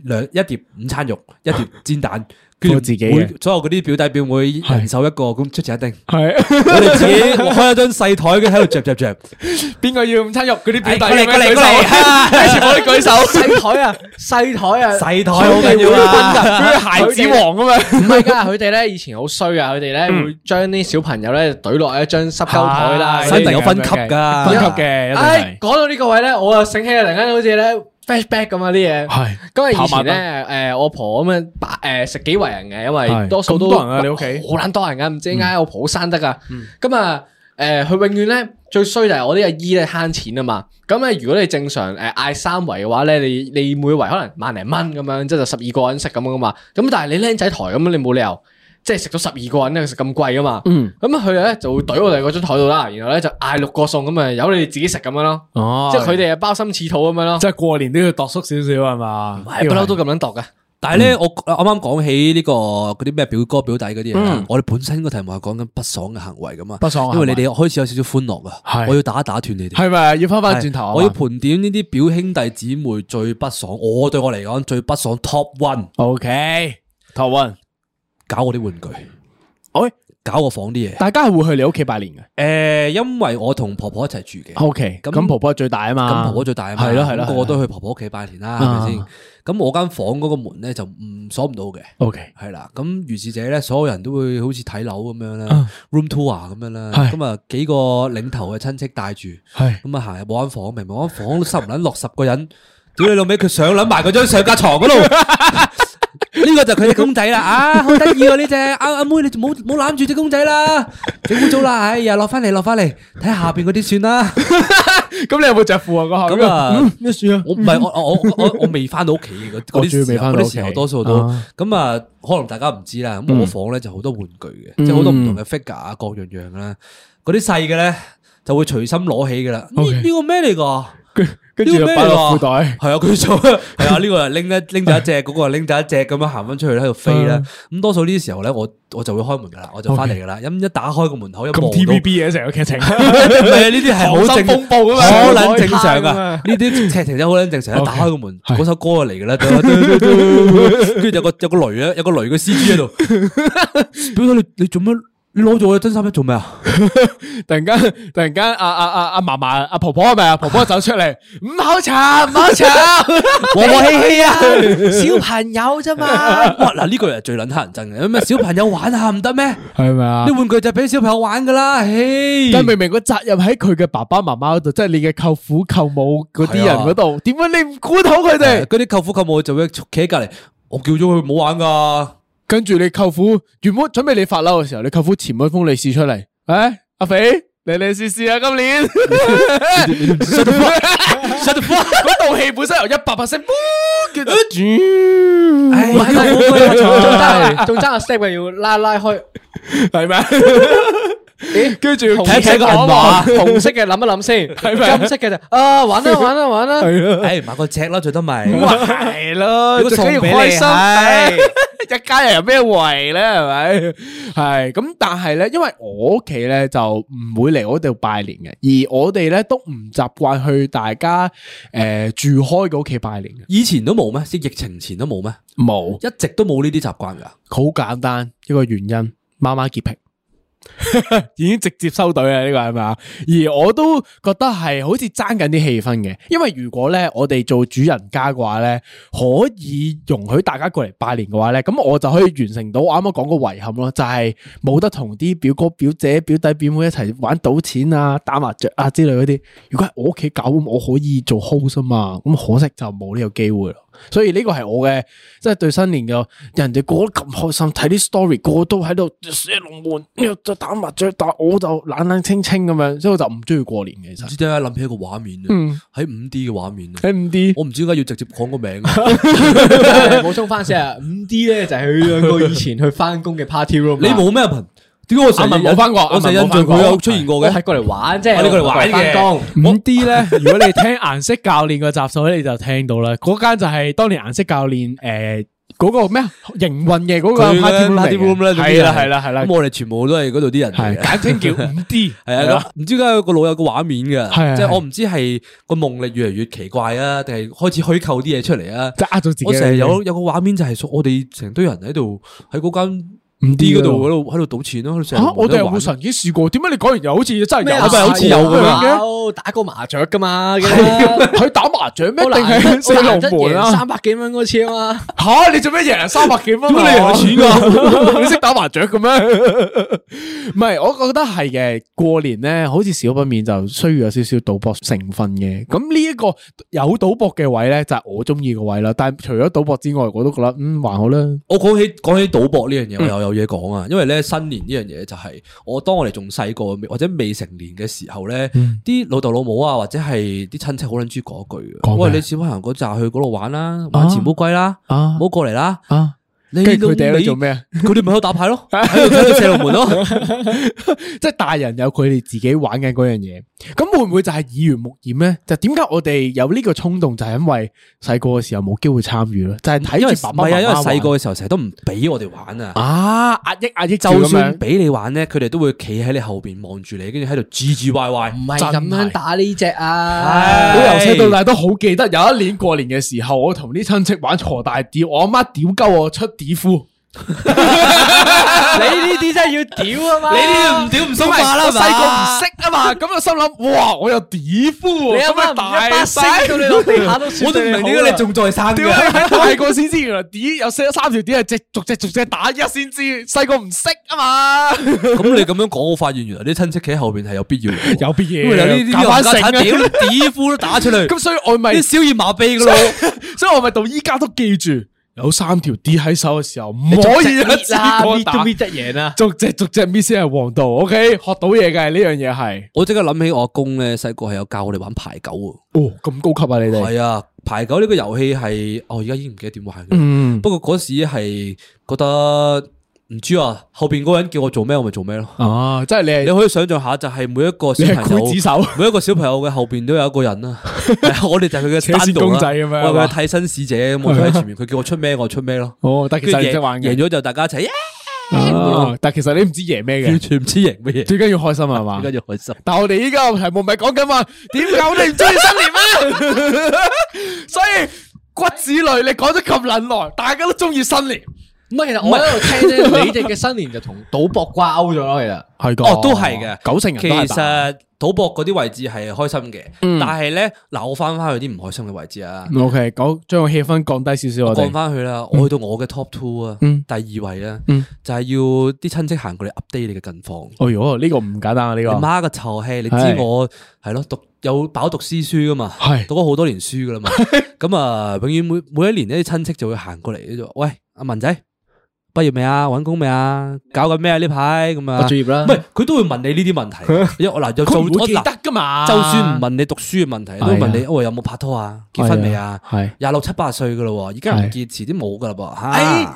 兩、呃、一碟午餐肉，一碟煎蛋。 [LAUGHS] 自己嘅，所有嗰啲表弟表妹人手一個，咁出場一定。係我哋自己開一張細台嘅，喺度著著著。邊個要午餐肉？嗰啲表弟嚟㗎嚟㗎嚟！第一次我哋舉手。細台啊，細台啊，細台好緊要啊！孩子王咁樣。唔係㗎，佢哋咧以前好衰啊！佢哋咧會將啲小朋友咧懟落喺一張濕膠台啦。一定有分級㗎，分級嘅。哎，講到呢個位咧，我又醒起突然間好似咧。b a c k 咁啊啲嘢，咁啊是以前咧，誒、呃、我婆咁樣，誒、呃、食幾圍人嘅，因為多數都好多人啊，呃、你屋企好卵多人啊，唔知點解我婆，婆好生得噶，咁啊，誒佢永遠咧最衰就係我啲阿姨咧慳錢啊嘛，咁、嗯、啊、嗯、如果你正常誒嗌、呃、三圍嘅話咧，你你每圍可能萬零蚊咁樣，即係十二個人食咁啊嘛，咁但係你僆仔台咁啊，你冇理由。即係食咗十二個人咧，食咁貴噶嘛？咁啊，佢咧就會懟我哋嗰張台度啦，然後咧就嗌六個餸咁啊，由你哋自己食咁樣咯。即係佢哋啊，包心似肚咁樣咯。即係過年都要度縮少少係嘛，不嬲都咁樣度嘅。但係咧，我啱啱講起呢個嗰啲咩表哥表弟嗰啲啊，我哋本身個題目係講緊不爽嘅行為噶嘛。不爽，因為你哋開始有少少歡樂啊。我要打一打斷你哋。係咪要翻翻轉頭？我要盤點呢啲表兄弟姊妹最不爽，我對我嚟講最不爽 top one。OK，top one。搞我啲玩具，哎，搞我房啲嘢。大家係會去你屋企拜年嘅？誒，因為我同婆婆一齊住嘅。O K，咁婆婆最大啊嘛，咁婆婆最大啊嘛？係咯係咯，個個都去婆婆屋企拜年啦，係咪先？咁我間房嗰個門咧就唔鎖唔到嘅。O K，係啦。咁如是者咧，所有人都會好似睇樓咁樣啦，room tour 啊咁樣啦。咁啊，幾個領頭嘅親戚帶住，咁啊行入我間房，明唔明？我間房十唔捻六十個人，屌你老味，佢上捻埋嗰張上架床嗰度。呢個就佢啲公仔啦，啊，好得意喎！呢隻啊，阿、啊、妹，你唔好唔好攬住隻公仔啦，整污糟啦！哎呀，落翻嚟，落翻嚟，睇下下邊嗰啲算啦。咁、嗯、你有冇着褲啊？嗰下咁啊？咩算啊？我唔係我我我我未翻到屋企嘅嗰啲時候，嗰啲時候多數都咁啊。嗯、可能大家唔知啦。我房咧就好多玩具嘅，嗯嗯、即係好多唔同嘅 figure 啊，各樣樣啦。嗰啲細嘅咧就會隨心攞起噶啦。呢呢個咩嚟噶？跟住又擺落褲袋，係啊，佢做，係啊，呢個又拎一拎咗一隻，嗰個又拎咗一隻，咁樣行翻出去喺度飛啦。咁多數呢啲時候咧，我我就會開門噶啦，我就翻嚟噶啦。咁一打開個門口，一望到咁 T V B 嘢成個劇情，唔係啊，呢啲係好正風暴啊好卵正常啊。呢啲劇情真好卵正常，一打開個門，嗰首歌嚟噶啦。跟住有個有個雷啊，有個雷個 C G 喺度，表嫂你你做乜？你攞咗我嘅真心咧做咩啊？突然間，突然間，阿阿阿阿嫲嫲、阿婆婆係咪啊？婆婆走出嚟，唔好吵，唔好吵，和和氣氣啊！小朋友啫嘛。嗱呢個人係最捻乞人憎嘅，咁啊小朋友玩下唔得咩？係咪啊？啲玩具就俾小朋友玩噶啦。嘿，但明明個責任喺佢嘅爸爸媽媽嗰度，即係你嘅舅父舅母嗰啲人嗰度，點解你唔管好佢哋？嗰啲舅父舅母就會企喺隔籬，我叫咗佢唔好玩噶。跟住你舅父原本準備你發嬲嘅時候，你舅父潛咗封利是出嚟，誒，阿肥你嚟試試啊，今年，成嗰套戲本身由一百 percent boom 嘅住，仲爭，仲爭個 step 要拉拉開，係咪？誒，跟住要睇睇個銀碼，紅色嘅諗一諗先，金色嘅就啊，玩啦玩啦玩啦，係咯，買個尺啦，最多咪係咯，最緊要開心，一家人有咩為咧，係咪？係咁，但係咧，因為我屋企咧就唔會嚟我度拜年嘅，而我哋咧都唔習慣去大家誒住開個屋企拜年嘅，以前都冇咩，即係疫情前都冇咩，冇，一直都冇呢啲習慣噶，好簡單一個原因，媽媽潔癖。 [LAUGHS] 已經直接收隊啊！呢個係咪啊？而我都覺得係好似爭緊啲氣氛嘅，因為如果咧我哋做主人家嘅話咧，可以容許大家過嚟拜年嘅話咧，咁我就可以完成到我啱啱講個遺憾咯，就係、是、冇得同啲表哥、表姐、表弟、表妹一齊玩賭錢啊、打麻雀啊之類嗰啲。如果係我屋企搞，我可以做 host 啊嘛。咁可惜就冇呢個機會啦。所以呢個係我嘅，即係對新年嘅人哋過得咁開心，睇啲 story 個個都喺度寫龍門，又、呃、再打麻雀，但我就冷冷清清咁樣，所以我就唔中意過年嘅。唔知點解諗起一個畫面，喺五、嗯、D 嘅畫面，喺五 D，我唔知點解要直接講個名，補充翻先啊，五 D 咧就係佢兩個以前去翻工嘅 party room， [LAUGHS] 你冇咩朋友。點解我阿文冇翻過？我成日都有出現過嘅，係過嚟玩，即係我哋過嚟玩嘅。五 D 咧，如果你聽顏色教練嘅集數咧，你就聽到啦。嗰間就係當年顏色教練誒嗰個咩啊營運嘅嗰個 party room。係啦係啦係啦，咁我哋全部都係嗰度啲人，簡稱叫五 D。係啊，唔知點解個老有個畫面嘅，即係我唔知係個夢力越嚟越奇怪啊，定係開始虛構啲嘢出嚟啊？即係呃咗自己。我成日有有個畫面就係我哋成堆人喺度喺嗰間。唔知嗰度喺度喺度賭錢咯，成日玩我又冇曾經試過，點解你講完又好似真係有？係咪好似有咁樣？打過麻雀噶嘛？佢打麻雀咩？定係四龍盤啊？三百幾蚊嗰次啊嘛？吓，你做咩贏三百幾蚊？點解你贏錢噶？你識打麻雀嘅咩？唔係，我覺得係嘅。過年咧，好似少不免就需要有少少賭博成分嘅。咁呢一個有賭博嘅位咧，就係我中意個位啦。但係除咗賭博之外，我都覺得嗯還好啦。我講起講起賭博呢樣嘢，又又～嘢講啊，因為咧新年呢樣嘢就係、是、我當我哋仲細個或者未成年嘅時候咧，啲、嗯、老豆老母啊或者係啲親戚好撚鍾講一句，喂，你小朋友嗰集去嗰度玩啦，玩前烏龜啦，唔好、啊啊、過嚟啦。啊跟住佢哋喺度做咩啊？佢哋咪喺度打牌咯，喺度睇射龍門咯。 [LAUGHS] [LAUGHS] 即係大人有佢哋自己玩嘅嗰樣嘢，咁會唔會就係耳濡目染咧？就點、是、解我哋有呢個衝動？就係、是、因為細個嘅時候冇機會參與咯，就係睇住爸爸媽媽。唔係啊，因為細個嘅時候成日都唔俾我哋玩啊。啊，壓抑，壓抑是。就算俾你玩咧，佢哋都會企喺你後邊望住你，跟住喺度嘰嘰歪歪。唔係咁樣打呢隻啊！我由細到大都好記得，有一年過年嘅時候，我同啲親戚玩鋤大吊，我阿媽屌鳩我出。.字夫，你呢啲真係要屌啊嘛！你呢度唔屌唔想話啦嘛！我細個唔識啊嘛，咁我心諗哇，我有字夫喎！你媽媽一班大生到你落地下都，我都唔明點解、這個、你仲在生。屌，喺大個先知，原來字有識咗三條字係直，逐隻逐隻打一先知。細個唔識啊嘛，咁你咁樣講，我發現原來啲親戚企喺後邊係有必要， [LAUGHS] 有必要。你有呢啲老人家都打出嚟，咁 [LAUGHS] 所以我咪小兒麻痹噶咯， [LAUGHS] 所以我咪到依家都記住。有三條啲喺手嘅時候，唔可以啦，打都搣得嘢啦，逐隻逐隻搣先係王道， [LAUGHS] 王道，OK，學到嘢嘅呢樣嘢係。這個、我即刻諗起我阿公咧，細個係有教我哋玩牌九喎。哦，咁高級啊，你哋係啊，牌九呢個遊戲係，我而家已經唔記得點玩。嗯，不過嗰時係覺得。唔知啊，後邊嗰人叫我做咩，我咪做咩咯。哦，即係你，你可以想象下，就係每一個小朋友，每一個小朋友嘅後邊都有一個人啊。我哋就係佢嘅使公仔咁樣，我嘅替身使者，咁我就喺前面，佢叫我出咩，我出咩咯。哦，但其實贏贏咗就大家一齊，但其實你唔知贏咩嘅，完全唔知贏咩嘢。最緊要開心啊嘛，最緊要開心。但我哋依個題目咪講緊話，點解你唔中意新年咩？所以骨子裏你講得咁耐，大家都中意新年。唔其實我喺度聽咧，你哋嘅新年就同賭博掛鈎咗啦，其實係哦，都係嘅，九成人其實賭博嗰啲位置係開心嘅，但係咧，嗱，我翻翻去啲唔開心嘅位置啊。OK，講將個氣氛降低少少，降翻去啦。我去到我嘅 top two 啊，第二位啊，就係要啲親戚行過嚟 update 你嘅近況。哦，呢個唔簡單啊，呢個。媽嘅臭氣，你知我係咯，讀有飽讀詩書噶嘛，係讀咗好多年書噶啦嘛。咁啊，永遠每每一年呢啲親戚就會行過嚟，就喂，阿文仔。畢業未啊？揾工未啊？搞緊咩啊？呢排咁啊？畢業啦。唔係，佢都會問你呢啲問題。一我嗱就做我記得噶嘛。就算唔問你讀書嘅問題，都問你我有冇拍拖啊？結婚未啊？係廿六七八歲噶咯，而家唔結遲啲冇噶啦噃。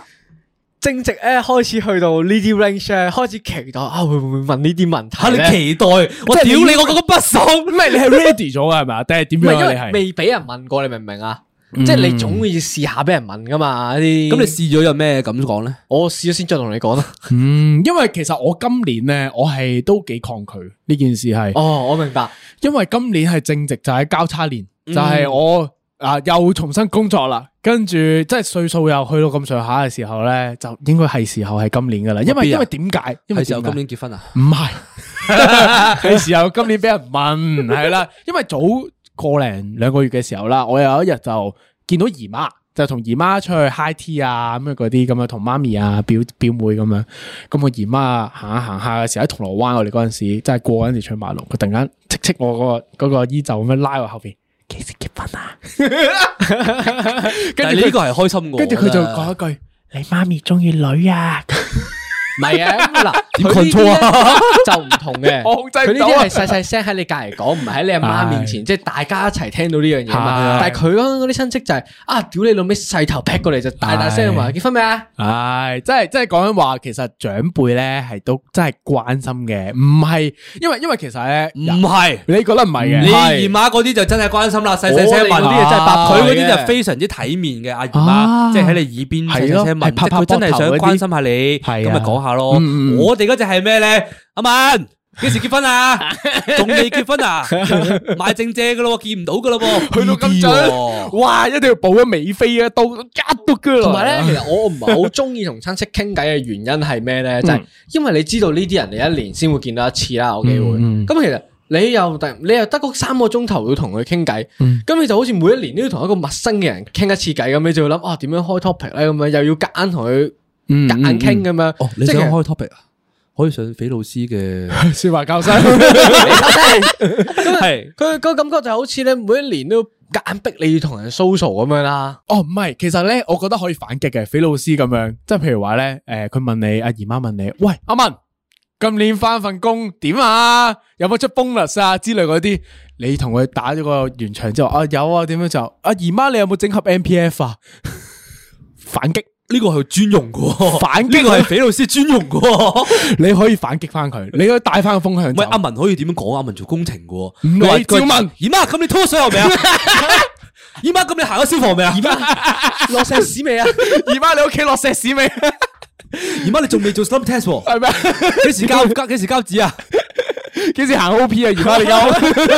正直咧開始去到呢啲 range 咧，開始期待啊會唔會問呢啲問題，你期待我屌你，我覺得不爽。唔係你係 ready 咗啊？係咪啊？定係點啊？未俾人問過？你明唔明啊？即係你總會試下俾人問噶嘛啲，咁你試咗有咩感覺咧？我試咗先再同你講啦。嗯，因為其實我今年咧，我係都幾抗拒呢件事係。哦，我明白，因為今年係正值就係交叉年，就係我啊又重新工作啦，跟住即係歲數又去到咁上下嘅時候咧，就應該係時候係今年噶啦。因為因為點解？係時候今年結婚啊？唔係，係時候今年俾人問係啦。因為早。過零兩個月嘅時候啦，我有一日就見到姨媽，就同姨媽出去 high tea 啊，咁樣嗰啲咁樣同媽咪啊表表妹咁樣，咁我姨媽行下行下嘅時候喺銅鑼灣，我哋嗰陣時真係過嗰陣時車馬龍，佢突然間戚戚我個嗰個衣袖咁樣拉我後邊，幾時結婚啊？跟住呢個係開心，跟住佢就講一句：你媽咪中意女啊！ [LAUGHS] 唔係啊，嗱，佢呢啲就唔同嘅，佢呢啲係細細聲喺你隔籬講，唔係喺你阿媽面前，即係大家一齊聽到呢樣嘢。但係佢嗰啲親戚就係啊，屌你老味，細頭劈過嚟就大大聲話結婚咩？係，即係即係講緊話，其實長輩咧係都真係關心嘅，唔係，因為因為其實咧唔係，你覺得唔係嘅？你姨媽嗰啲就真係關心啦，細細聲問啲嘢，真係佢嗰啲就非常之體面嘅阿姨媽，即係喺你耳邊細細聲問，即係佢真係想關心下你，咁咪講下。係咯，嗯嗯 [NOISE] 我哋嗰隻係咩咧？阿文，幾時結婚啊？仲未結婚啊？買正借噶咯，見唔到噶咯，去些到咁早，啊？哇！一定要補咗美菲啊，到吉都噶啦。同埋咧，呢 [LAUGHS] 其實我唔係好中意同親戚傾偈嘅原因係咩咧？就係、是、因為你知道呢啲人你一年先會見到一次啦，有機會。咁、嗯嗯嗯、其實你又得你又得嗰三個鐘頭要同佢傾偈，咁你就好似每一年都要同一個陌生嘅人傾一次偈咁，你就會諗啊，點樣開 topic 咧？咁樣又要夾硬同佢。嗯，夾硬傾咁樣哦，你想開 topic 啊？可以上匪老師嘅說話教室，咁係佢個感覺就好似咧，每一年都夾硬逼你要同人 so so 咁樣啦。哦，唔係，其實咧，我覺得可以反擊嘅匪老師咁樣，即係譬如話咧，誒，佢問你阿姨媽問你，喂，阿文，今年翻份工點啊？有冇出 bonus 啊？之類嗰啲，你同佢打咗個圓場之後，啊有啊，點樣就阿姨媽，你有冇整合 MPF 啊？反擊。呢個係專用嘅，反擊呢個係匪老師專用嘅，你可以反擊翻佢，你可以帶翻個風向。喂，阿文可以點樣講，阿文做工程嘅，唔係佢問姨媽，咁你拖水喉未啊？姨媽，咁你行咗消防未啊？姨媽，落石屎未啊？姨媽，你屋企落石屎未？姨媽，你仲未做 slump test？係咩？幾時交？交幾時交紙啊？幾時行 OP 啊？姨媽，你有？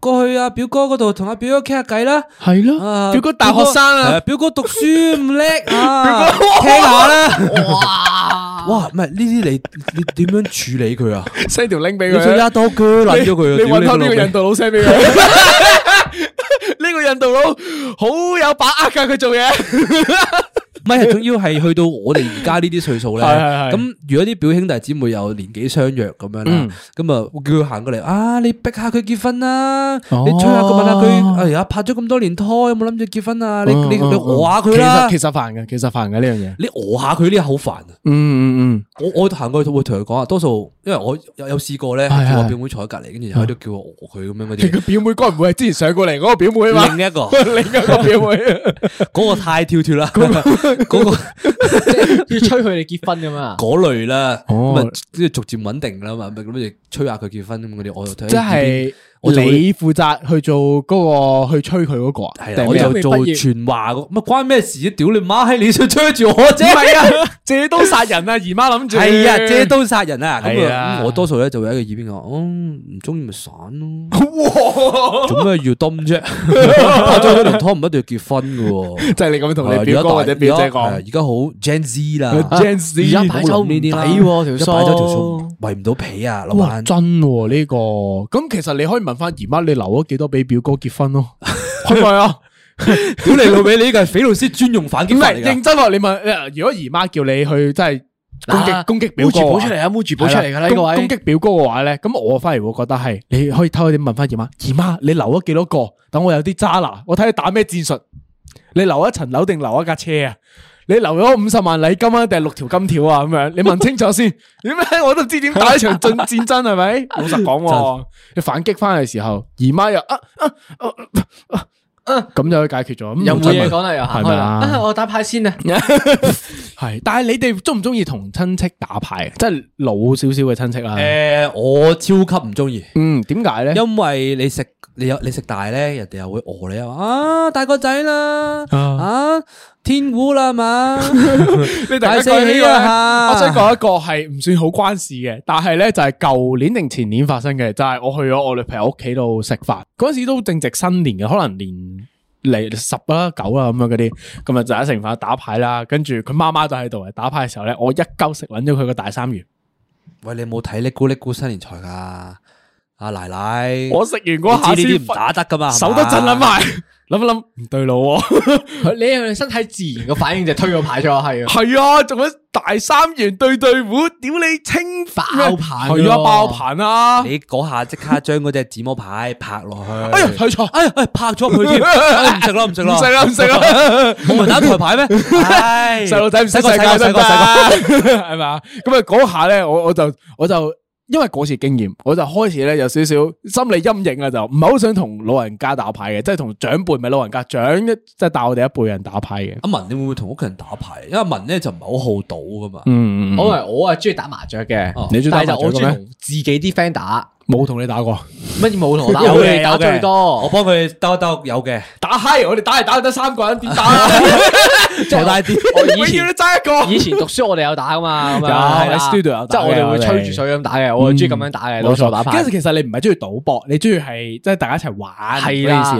過去啊，表哥嗰度同阿表哥傾下偈啦，係咯，表哥大學生啊，表哥讀書唔叻啊，聽下啦，哇哇，唔係呢啲你，你點樣處理佢啊？send 條 link 俾佢，拉刀鋸爛咗佢，你搵呢個印度佬 send 俾佢，呢個印度佬好有把握噶，佢做嘢。唔係，仲要係去到我哋而家呢啲歲數咧。咁如果啲表兄弟姊妹有年紀相若咁樣咧，咁啊叫佢行過嚟啊，你逼下佢結婚啦，你催下佢問下佢，哎呀拍咗咁多年拖，有冇諗住結婚啊？你你你餓下佢啦。其實其實煩嘅，其實煩嘅呢樣嘢。你餓下佢呢下好煩啊。嗯嗯嗯，我我行過去會同佢講啊。多數因為我有有試過咧，我表妹坐喺隔離，跟住喺度叫我餓佢咁樣，嗰啲表妹，該唔會係之前上過嚟嗰個表妹啊嘛。另一個另一個表妹，嗰個太跳脫啦。嗰個即係要催佢哋結婚咁啊，嗰 [NOISE] 類啦，咁啊，跟住逐漸穩定啦嘛，咁啊，催下佢結婚咁嗰啲，我就看看即係。你負責去做嗰個去催佢嗰個啊？係啦，我就做傳話，乜關咩事？屌你媽閪，你想吹住我啫？係啊，借刀殺人啊！姨媽諗住係啊，借刀殺人啊！係啊，我多數咧就會喺佢耳邊話，唔中意咪散咯。哇，做咩要凍啫？拍咗一輪拖唔一定要結婚噶。就係你咁樣同你表哥或者表姐講。而家好 Gen Z 啦 Gen Z 而家牌抽呢啲抵咗條數圍唔到皮啊，老闆。哇，真喎呢個。咁其實你可以問問翻姨媽，你留咗幾多俾表哥結婚咯？係咪 [LAUGHS] 啊？屌 [LAUGHS] 你老味，呢個係匪路斯專用反擊，認真喎！你問，如果姨媽叫你去，真係攻擊攻擊表哥，出嚟啊！出嚟噶啦，攻擊表哥嘅話咧，咁我反而會覺得係，你可以偷啲問翻姨媽，姨媽你留咗幾多個？等我有啲渣啦、啊，我睇你打咩戰術？你留一層樓定留一架車啊？你留咗五十萬禮金啊，定係六條金條啊？咁樣你問清楚先。點解？我都知點打一場進戰爭係咪？老實講，你反擊翻嘅時候，姨媽又啊啊啊啊，咁就去解決咗。又冇嘢講啦，又係咪啦？我打牌先啊。係，但係你哋中唔中意同親戚打牌？即係老少少嘅親戚啊。誒，我超級唔中意。嗯，點解咧？因為你食你有你食大咧，人哋又會餓你啊！啊，大個仔啦，啊。天烏啦嘛， [LAUGHS] [LAUGHS] 你起大四喜啊！我想講一個係唔算好關事嘅，但係咧就係、是、舊年定前年發生嘅，就係、是、我去咗我女朋友屋企度食飯，嗰陣時都正值新年嘅，可能年嚟十啦、啊、九啊咁樣嗰啲，咁啊就喺食飯打牌啦，跟住佢媽媽就喺度啊，打牌嘅時候咧，我一鳩食揾咗佢個大三元。喂，你冇睇呢咕呢咕，咕新年財啊！阿奶奶，我食完我下先。唔打得噶嘛，手都震撚埋。 [LAUGHS] 諗一諗唔對路，你身體自然嘅反應就推個牌出，係啊，係啊，仲有大三元對對糊，屌你清爆牌？去咗爆盤啊！你嗰下即刻將嗰隻紙魔牌拍落去，哎呀睇錯，哎呀拍錯佢唔食啦唔食啦，唔食啦唔食啦，冇人打台牌咩？係細路仔唔識世界真噶，係咪？咁啊嗰下咧，我我就我就。因為嗰次經驗，我就開始咧有少少心理陰影啊，就唔係好想同老人家打牌嘅，即係同長輩咪老人家長一，即係大我哋一輩人打牌嘅。阿、啊、文，你會唔會同屋企人打牌？因為阿文咧就唔係好好賭噶嘛。嗯嗯嗯。我係我係中意打麻雀嘅，啊、你中意打麻雀咩？我中意同自己啲 friend 打。冇同你打過，乜嘢，冇同我打？有嘅打最多，我幫佢兜一兜，有嘅打嗨，我哋打嚟打去得三個人，點打啊？我以前你爭一個，以前讀書我哋有打噶嘛？有，studio 有打嘅，即係我哋會吹住水咁打嘅，我中意咁樣打嘅。冇錯，打牌。跟住其實你唔係中意賭博，你中意係即係大家一齊玩。係啦，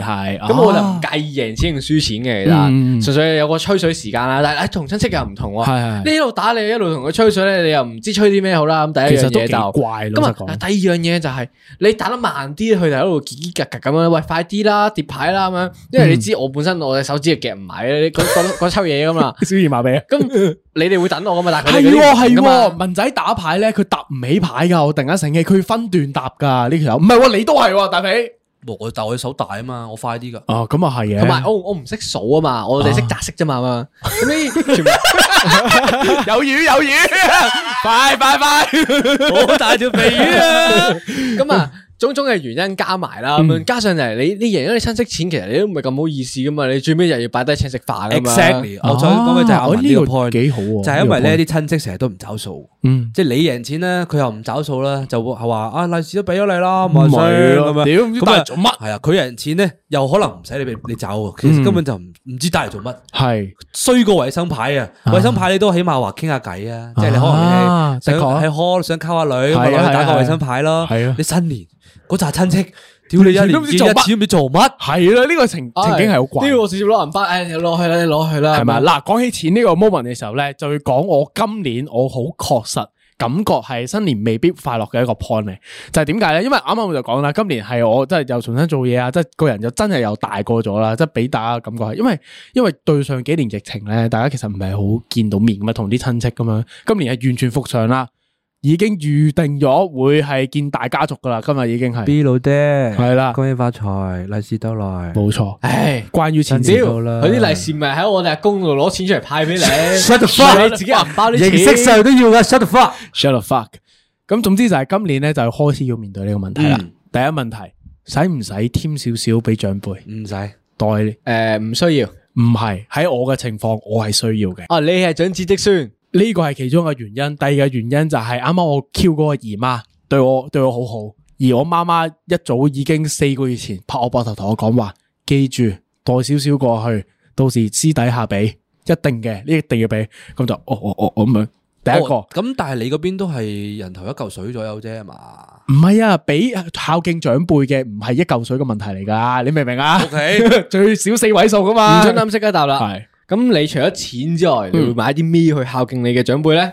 咁我就唔介意贏錢定輸錢嘅，其實純粹有個吹水時間啦。但係同親戚又唔同喎，呢度打你一路同佢吹水咧，你又唔知吹啲咩好啦。咁第一樣嘢就怪。咁第二樣嘢就係。你打得慢啲，佢就喺度嘰嘰嘎嘎咁樣，喂快啲啦，疊牌啦咁樣，因為你知我本身我隻手指又夾唔埋咧，嗰嗰抽嘢咁啦，小二罵你，咁你哋會等我噶嘛？大係係嘛，文仔打牌咧，佢搭唔起牌噶，我突然間醒起，佢分段搭噶呢條友，唔係喎，你都係喎，大肥。我但係我手大啊嘛，我快啲㗎。哦、啊，咁啊係嘅。同埋我我唔識數啊嘛，我哋識扎色啫嘛嘛、啊。 [LAUGHS] 有魚有魚，快快快，好大條肥魚啊！咁 [LAUGHS] [LAUGHS] 啊。種種嘅原因加埋啦，加上嚟你你贏咗你親戚錢，其實你都唔係咁好意思噶嘛，你最尾又要擺低請食飯噶嘛。Exactly，我講就係呢個 point，幾好啊，就係因為呢啲親戚成日都唔找數，即係你贏錢咧，佢又唔找數啦，就會係話啊，利是都俾咗你啦，唔係咁樣咁啊，做乜？係啊，佢贏錢咧又可能唔使你俾你找，其實根本就唔知帶嚟做乜。係衰過衛生牌啊，衛生牌你都起碼話傾下偈啊，即係你可想係可想溝下女，攞嚟打個衛生牌咯。係啊，你新年。嗰紮親戚，屌你啊！一都唔知做乜，係啦，呢、這個情情景係好怪。屌我直接攞銀包，誒、哎，你攞去啦，你攞去啦，係咪嗱，講起錢呢個 moment 嘅時候咧，就會講我今年我好確實感覺係新年未必快樂嘅一個 point 嚟，就係點解咧？因為啱啱我就講啦，今年係我即係又重新做嘢啊，即係個人又真係又大個咗啦，即係俾大家感覺。因為因為對上幾年疫情咧，大家其實唔係好見到面咁啊，同啲親戚咁樣。今年係完全復常啦。已經預定咗會係見大家族噶啦，今日已經係。B 老爹係啦，恭喜發財，利是都來。冇錯。唉，關於錢少，佢啲利是咪喺我哋公度攞錢出嚟派俾你？Shut the fuck！自己銀包啲錢。認識上都要嘅。Shut the fuck！Shut the fuck！咁總之就係今年咧就開始要面對呢個問題啦。第一問題，使唔使添少少俾長輩？唔使代誒，唔需要。唔係喺我嘅情況，我係需要嘅。啊，你係長子嫡孫。呢個係其中一個原因，第二個原因就係啱啱我 Q 嗰個姨媽對我對我好好，而我媽媽一早已經四個月前拍我膊頭同我講話，記住帶少少過去，到時私底下俾，一定嘅呢一定要俾，咁就哦哦哦咁樣。第一個咁、哦，但係你嗰邊都係人頭一嚿水左右啫嘛？唔係啊，俾孝敬長輩嘅唔係一嚿水嘅問題嚟噶，你明唔明啊？Okay. [LAUGHS] 最少四位數噶嘛？唔准諗，識得答啦。係。咁你除咗錢之外，嗯、你會買啲咩去孝敬你嘅長輩咧？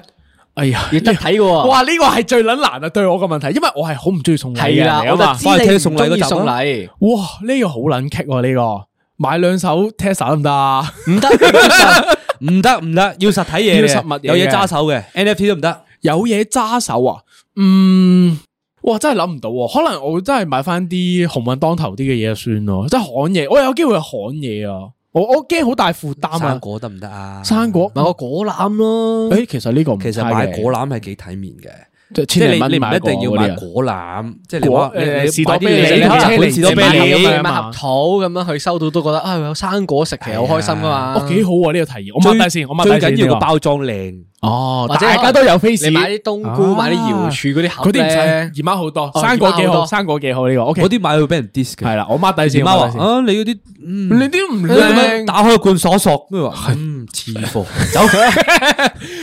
哎呀，亦得睇嘅。哇，呢、這個係最撚難啊！對我個問題，因為我係好唔中意送禮嘅。係啦，我得吧知你唔中意送禮。哇，呢、這個好撚棘，呢、這個買兩手 Tesla 得唔得？唔得，唔得， [LAUGHS] 唔得，要實體嘢，要實物，有嘢揸手嘅 NFT 都唔得。有嘢揸手啊？嗯，哇，真係諗唔到啊！可能我真係買翻啲鴻運當頭啲嘅嘢就算咯，即係喊嘢。我有機會去喊嘢啊！我我驚好大負擔啊！生果得唔得啊？生果買個果籃咯。誒，其實呢個其實買果籃係幾體面嘅，即係千零蚊你唔一定要買果籃，即係果誒，士多俾你，本士多俾你，買盒土咁樣去收到都覺得啊，有生果食，其實好開心噶嘛，幾好啊！呢個提議，我問下先，我最緊要包裝靚。哦，或者大家都有 face。你買啲冬菇，買啲瑤柱嗰啲，嗰啲姨媽好多，生果幾好，生果幾好呢個。O K，啲買會俾人 disc 嘅。係啦，我抹第先。啊，你嗰啲，你啲唔靚。打開個罐鎖索，咁樣話，似次貨。走。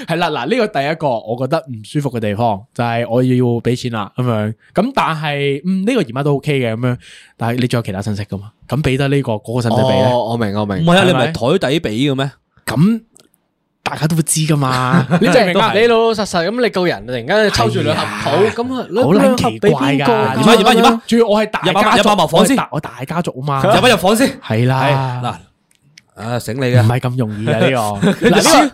係啦，嗱呢個第一個，我覺得唔舒服嘅地方就係我要俾錢啦，咁樣。咁但係，嗯呢個姨媽都 O K 嘅，咁樣。但係你仲有其他信息噶嘛？咁俾得呢個嗰個信息俾咧？我明，我明。唔係啊，你唔係台底俾嘅咩？咁。大家都會知噶嘛？你明唔明啊？你老老實實咁，你夠人突然間抽住兩盒寶，咁好啦，奇怪噶！葉斌葉斌葉斌，仲要我係大家族，入百入房先，我大家族啊嘛，入不入房先？係啦，嗱，啊醒你啊，唔係咁容易啊呢個，燒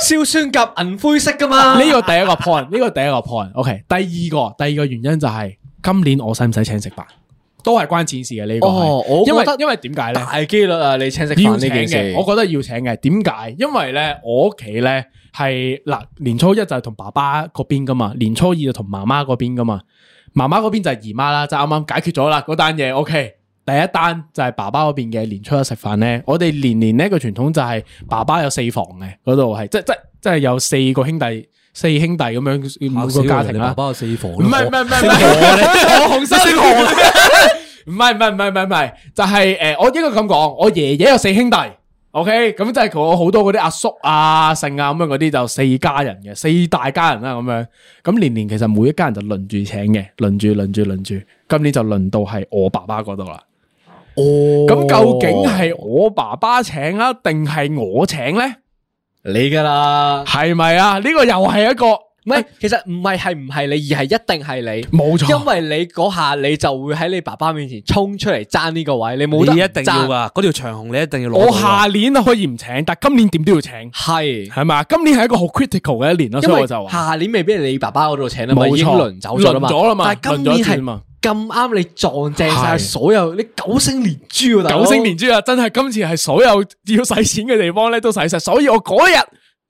燒酸夾銀灰色噶嘛？呢個第一個 point，呢個第一個 point。OK，第二個第二個原因就係今年我使唔使請食飯？都係關錢事嘅，呢個，哦、因為因為點解咧？大幾率啊，你請食飯呢件事，我覺得要請嘅。點解？因為咧，我屋企咧係嗱，年初一就係同爸爸嗰邊噶嘛，年初二就同媽媽嗰邊噶嘛。媽媽嗰邊就係姨媽啦，就啱、係、啱解決咗啦嗰單嘢。O、OK, K，第一單就係爸爸嗰邊嘅年初一食飯咧。我哋年年呢個傳統就係爸爸有四房嘅，嗰度係即即即係有四個兄弟。四兄弟咁樣五個家庭啦，啊、爸爸有四房唔係唔係唔係唔係唔係，我紅山唔係唔係唔係唔係就係誒，我應該咁講，我爺爺有四兄弟，OK，咁即係我好多嗰啲阿叔啊、嬸啊咁樣嗰啲就四家人嘅四大家人啦，咁樣咁年年其實每一家人就輪住請嘅，輪住輪住輪住，今年就輪到係我爸爸嗰度啦。哦，咁究竟係我爸爸請啊，定係我請咧？你噶啦，係咪啊？呢、這個又係一個，唔係，其實唔係係唔係你，而係一定係你，冇錯錯，因為你嗰下你就會喺你爸爸面前衝出嚟爭呢個位，你冇得爭，你一定要啊，嗰條長紅你一定要攞。要我下年可以唔請，但今年點都要請。係，係咪啊？今年係一個好 critical 嘅一年咯，因為 所以我就話下年未必係你爸爸嗰度請啊錯嘛，英倫走咗啦嘛，但係今年咁啱你撞正晒所有，你九星連珠啊！九星連珠啊！真係今次係所有要使錢嘅地方咧都使晒，所以我嗰日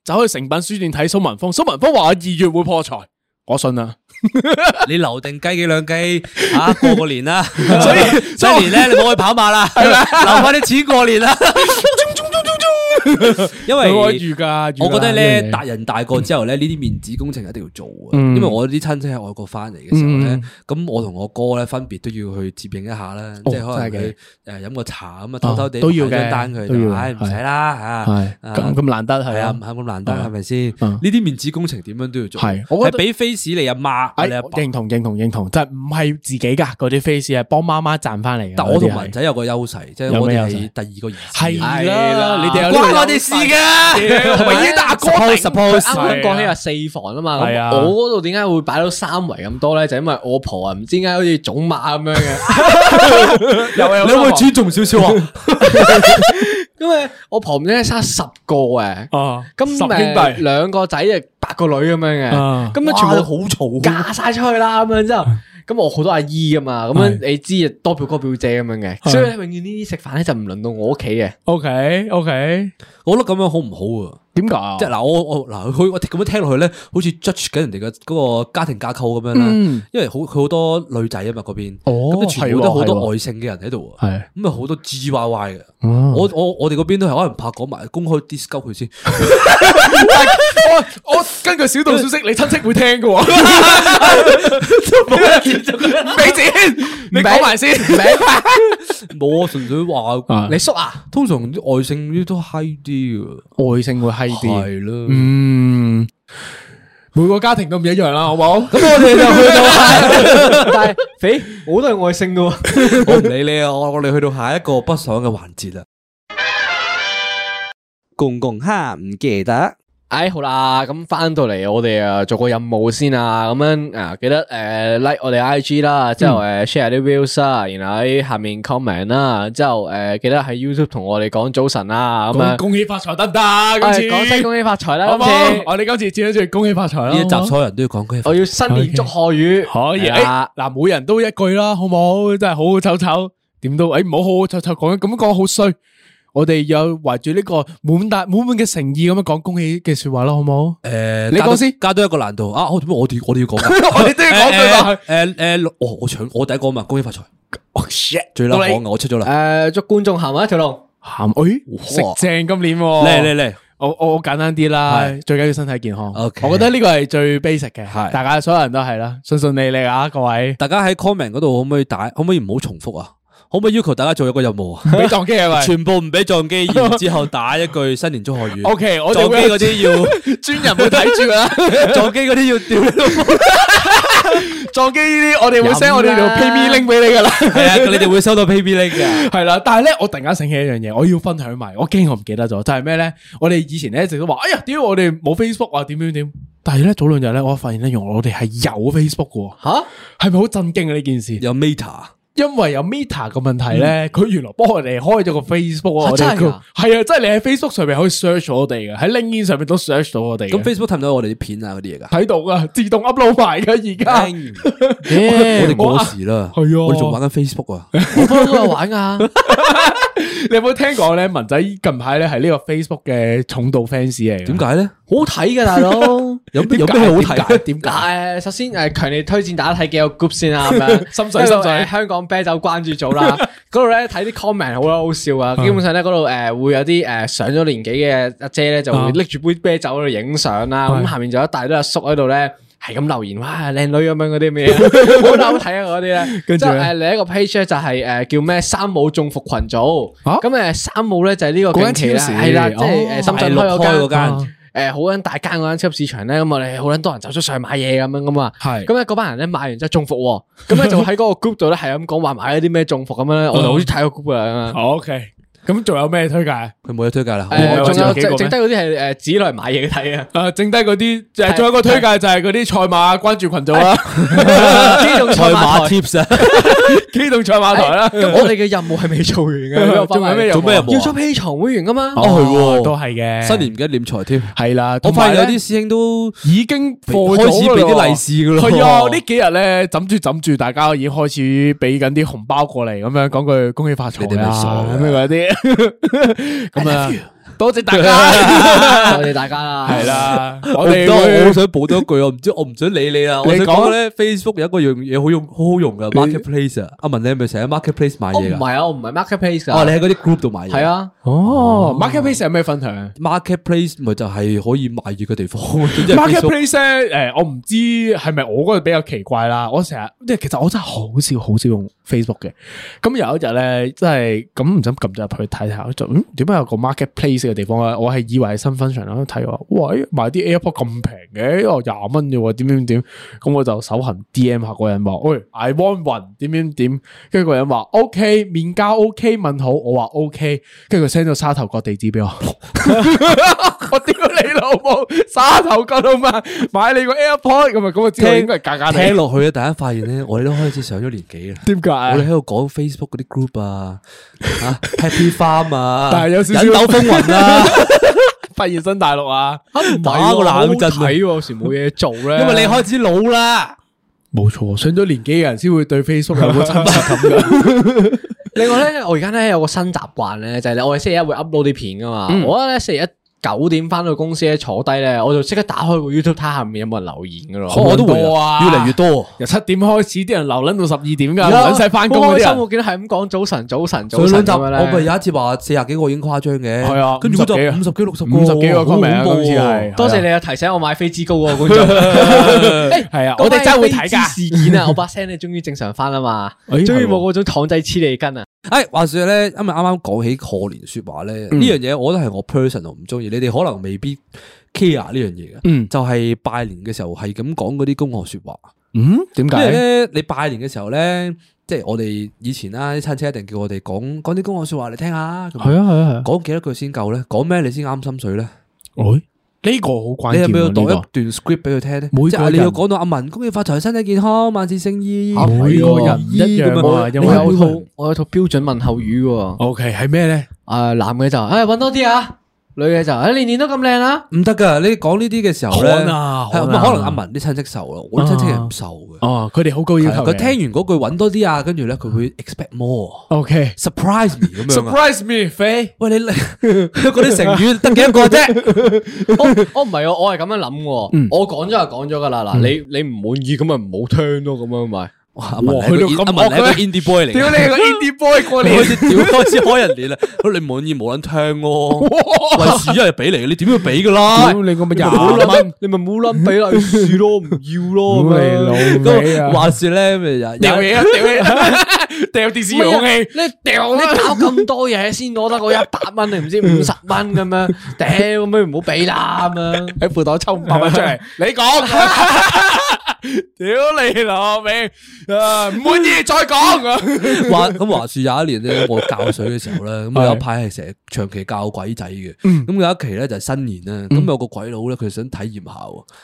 走去成品書店睇蘇文峰，蘇文峰話二月會破財，我信啊！ [LAUGHS] 你留定雞幾兩雞啊，過個年啦， [LAUGHS] 所以新年咧你冇去跑馬啦， [LAUGHS] 吧 [LAUGHS] 留翻啲錢過年啦。 [LAUGHS] 因為我住㗎，我覺得咧，達人大個之後咧，呢啲面子工程一定要做嘅。因為我啲親戚喺外國翻嚟嘅時候咧，咁我同我哥咧分別都要去接應一下啦，即係可能佢誒飲個茶咁啊，偷偷地派張單佢。都要嘅，唔使啦吓。咁咁難得係啊，咁難得係咪先？呢啲面子工程點樣都要做。係，我覺得俾 face 你阿媽，認同認同認同，就唔係自己噶嗰啲 face，係幫媽媽賺翻嚟。但我同文仔有個優勢，即係我哋係第二個兒子。係啦，你哋有。我哋試嘅，唯一大哥 suppose。啱啱講起啊四房啊嘛，我嗰度點解會擺到三圍咁多咧？就因為我婆啊，唔知點解好似種馬咁樣嘅。兩位主仲少少啊。因為我婆唔知生十個嘅，啊，十兄弟兩個仔啊八個女咁樣嘅，咁啊全部好嘈，嫁晒出去啦咁樣之後。咁我好多阿姨㗎嘛，咁是你知多表哥多表姐咁樣嘅，是所以永遠呢啲食飯呢就唔輪到我屋企嘅。OK OK，我覺得咁樣好唔好啊？點解啊？即係嗱，我我嗱佢我咁樣聽落去咧，好似 judge 緊人哋嘅嗰個家庭架構咁樣啦。因為好佢好多女仔啊嘛，嗰邊咁都全部都好多外姓嘅人喺度，咁啊好多支支歪歪嘅。我我我哋嗰邊都係可能怕講埋，公開 discuss 佢先。我我根據小道消息，你親戚會聽嘅。冇錢，唔俾錢。你講埋先，名冇啊？純粹話你叔啊。通常啲外姓啲都嗨啲嘅，外姓會嗨。係咯，嗯，每個家庭都唔一樣啦，好唔好？咁我哋就去到，但係，肥，我都係外星噶，我唔理你啊，我我哋去到下一個不爽嘅環節啦，公共哈，唔記得。哎，好啦，咁返到嚟我哋啊做個任務先啊，咁樣啊記得誒、呃、like 我哋 IG 啦，之後誒 share、呃、啲 views 啦，然後喺下面 comment 啦，之後誒、呃、記得喺 YouTube 同我哋講早晨啦，咁啊恭喜發財得唔、啊、得？恭喜恭喜發財啦，好唔好？次好好我哋今次接一接恭喜發財啦，呢一集所有人都要講恭喜發財。好好我要新年祝賀語，Okay. 可以？嗱的，唉每人都一句啦，好唔好？真係好，好好丑醜，點都誒唔好好好丑醜講咁講好衰。我哋有懷住呢個滿滿、滿滿嘅誠意咁樣講恭喜嘅說話啦，好唔好？誒，你講先，加多一個難度啊！我點解我哋我哋要講？我哋都要講句落去誒誒，我我搶我第一個啊嘛！恭喜發財！最難講我出咗啦！誒，祝觀眾行埋一條路。行誒，食正今年嚟嚟嚟！我我簡單啲啦，最緊要身體健康。我覺得呢個係最 basic 嘅，係大家所有人都係啦，順順利利啊！各位，大家喺 comment 嗰度可唔可以打？可唔可以唔好重複啊？可唔可以要求大家做一個任務啊？俾撞機係咪？全部唔俾撞機，然之後打一句新年祝賀語。 [LAUGHS] OK，我撞機嗰啲要專人去睇住啦。撞機嗰啲要掉撞機呢啲，我哋會 send 我哋條 P B link 俾你噶啦。係啊，你哋會收到 P B link 嘅。係啦，但係咧，我突然間醒起一樣嘢，我要分享埋。我驚我唔記得咗，就係咩咧？我哋以前咧一直都話，哎呀，點解我哋冇 Facebook 啊？點點點。但係咧，早兩日咧，我發現咧，原來我哋係有 Facebook 嘅。吓，係咪好震驚啊？呢件事有 Meta。因為有 Meta 嘅問題咧，佢、嗯、原來幫我哋開咗個 Facebook 啊，係們啊，即係你喺 Facebook 上面可以 search 我哋嘅，喺 LinkedIn 上面都 search 到我哋。咁 Facebook 睇唔到我哋啲片啊嗰啲嘢噶？睇到啊，到自動 upload 埋噶而家。我哋過時啦，係說啊，我哋仲玩緊 Facebook 啊， [LAUGHS] 玩啊。 [LAUGHS] 你有冇聽過咧？文仔近排咧係呢個 Facebook 嘅重度 fans 嚟，點解咧？好睇噶大佬， [LAUGHS] 麼有有咩好睇咧？點解、啊？首先誒，強烈推薦大家睇幾個 group 先啦。係咪 [LAUGHS] 心水心水，香港啤酒關注組啦。嗰度咧睇啲 comment 好啦，好笑啊！基本上咧嗰度誒會有啲誒上咗年紀嘅阿姐咧就會拎住杯啤酒喺度影相啦，咁的下面仲有一大堆阿叔喺度咧。係咁留言哇，靚女咁樣嗰啲咩，好撚好睇啊嗰啲咧。跟住咧，另一個 page 咧就係誒叫咩山姆中伏群組。咁誒山姆咧就係呢個古根旗啦，係啦，即係誒深圳開咗間誒好撚大間嗰間超級市場咧。咁我哋好捻多人走出上去買嘢咁樣噶嘛。係咁咧，嗰班人咧買完之後中伏，咁咧就喺嗰個 group 度咧係咁講話買咗啲咩中伏咁樣咧，我就好似睇個 group 咁啊。O K。咁仲有咩推介？佢冇嘢推介啦。仲有剩低嗰啲係誒紙嚟買嘢睇啊！誒，淨低嗰啲誒，仲有一個推介就係嗰啲賽馬關注群組啦。機動賽馬 tips 啊！機動賽馬台啦！咁我哋嘅任務係未做完嘅，仲有咩任務？要做起床會員噶嘛？哦，係，都係嘅。新年唔記得斂財添，係啦。我發現有啲師兄都已經開始俾啲利是噶啦。係啊，呢幾日咧枕住枕住，大家已經開始俾緊啲紅包過嚟，咁樣講句恭喜發財啦，咁啲。咁啊，多謝大家，多謝大家啦，係啦。我我好想補多句，我唔知我唔想理你啦。我哋講咧，Facebook 有一個樣嘢好用，好好用噶 marketplace 啊。阿文，你係咪成日 marketplace 買嘢？唔係啊，我唔係 marketplace 啊。哦，你喺嗰啲 group 度買嘢。係啊。哦，marketplace 有咩分享？marketplace 咪就係可以賣嘢嘅地方。marketplace 誒，我唔知係咪我嗰個比較奇怪啦。我成日即係，其實我真係好少好少用。Facebook 嘅，咁有一日咧，即係咁唔使撳咗入去睇下，就嗯點解有個 marketplace 嘅地方咧？我係以為係 s u n 睇，我話喂買啲 AirPod 咁平嘅，哦廿蚊嘅喎，點點點，咁我就手痕 D M 下個人話，喂 I want one，點點點，跟住個人話 O K 面交 O K，問好，我話 O K，跟住佢 send 咗沙頭角地址俾我，我屌你老母，沙頭角啊嘛，買你個 AirPod 咁啊，咁我知應該係假聽落去啊，第一發現咧，我哋都開始上咗年紀啊，點解？ [LAUGHS] 我哋喺度講 Facebook 嗰啲 group 啊，吓 Happy Farm 啊，但有少少，引斗風雲啦，發現新大陸啊，打個冷震，有時冇嘢做咧，因為你開始老啦，冇錯，上咗年紀嘅人先會對 Facebook 有真實感嘅。另外咧，我而家咧有個新習慣咧，就係我哋星期一會 upload 啲片噶嘛，我覺得咧星期一。九點翻到公司咧坐低咧，我就即刻打開個 YouTube 睇下面有冇人留言噶咯，都多啊，越嚟越多。由七點開始啲人留撚到十二點㗎，唔使翻工嗰啲人。開心我見係咁講，早晨早晨早晨咁樣，我咪有一次話四十幾個已經誇張嘅，係啊，跟住嗰就五十幾六十幾個，五十幾個咁，多謝你有提醒我買飛之膏喎。誒係啊，我哋真係會睇㗎事件啊！我把聲你終於正常翻啦嘛，終於冇嗰種躺仔黐脷根啊！誒話説咧，因為啱啱講起過年説話咧，呢樣嘢我都係我 person 唔中意。你哋可能未必 care 呢樣嘢嘅，嗯，就係、是、拜年嘅時候係咁講嗰啲恭賀說話，嗯，點解咧？你拜年嘅時候咧，即係我哋以前啦、啊，啲親戚一定叫我哋講講啲恭賀說話嚟聽下，係啊係啊係，講、啊、幾多句先夠咧？講咩你先啱心水咧？喂、哎，呢個好關鍵、啊、你有咪要讀一段 script 俾佢聽咧？每個即你要講到阿文，恭喜發財、身體健康、萬事勝意。每個有套我有，套，我有套標準問候語嘅，OK 係咩咧？啊，男嘅就誒搵多啲啊！女嘅就，你年年都咁靚啦？唔得噶，你講呢啲嘅時候咧，係咁啊，可能阿文啲親戚瘦咯，我啲親戚係唔瘦嘅。哦，佢哋好高要求。佢聽完嗰句揾多啲啊，跟住咧佢會 expect more。OK，surprise me 咁樣啊。Surprise me，肥，喂你你嗰啲成語得幾多個啫？我我唔係啊，我係咁樣諗。我講咗就講咗噶啦，嗱你你唔滿意咁咪唔好聽咯，咁樣咪。哇！阿文仔個阿文仔個 indie boy 嚟，屌你個 indie boy 過嚟，開始開始開人哋啦！你滿意冇捻聽咯，為事又俾嚟，你點要俾噶啦？咁你咁咪又，你咪冇捻俾啦，唔要咯，唔要咯。咁話說咧，咪又掉嘢啦，掉嘢啦，掉電視遙控器，你掉啦！搞咁多嘢先攞得個一百蚊你唔知五十蚊咁樣，屌，咁你唔好俾啦咁樣，喺褲袋抽五百蚊出嚟，你講。屌你羅明唔滿意，再講。話咁話說有一年咧，我教水嘅時候咧，咁有派係成日長期教鬼仔嘅。咁有一期咧就係新年啊，咁有個鬼佬咧，佢想體驗下。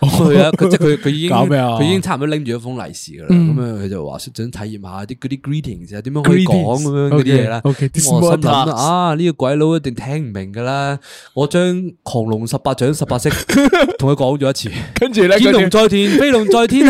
佢啊，即係佢佢已經搞咩啊，佢已經差唔多拎住一封利是噶啦。咁啊，佢就話想體驗下啲啲 Greetings 啊，點樣可以講咁樣嗰啲嘢啦。我心諗啊，呢個鬼佬一定聽唔明噶啦。我將狂龍十八掌十八式同佢講咗一次。跟住咧，見龍在田，飛龍在天。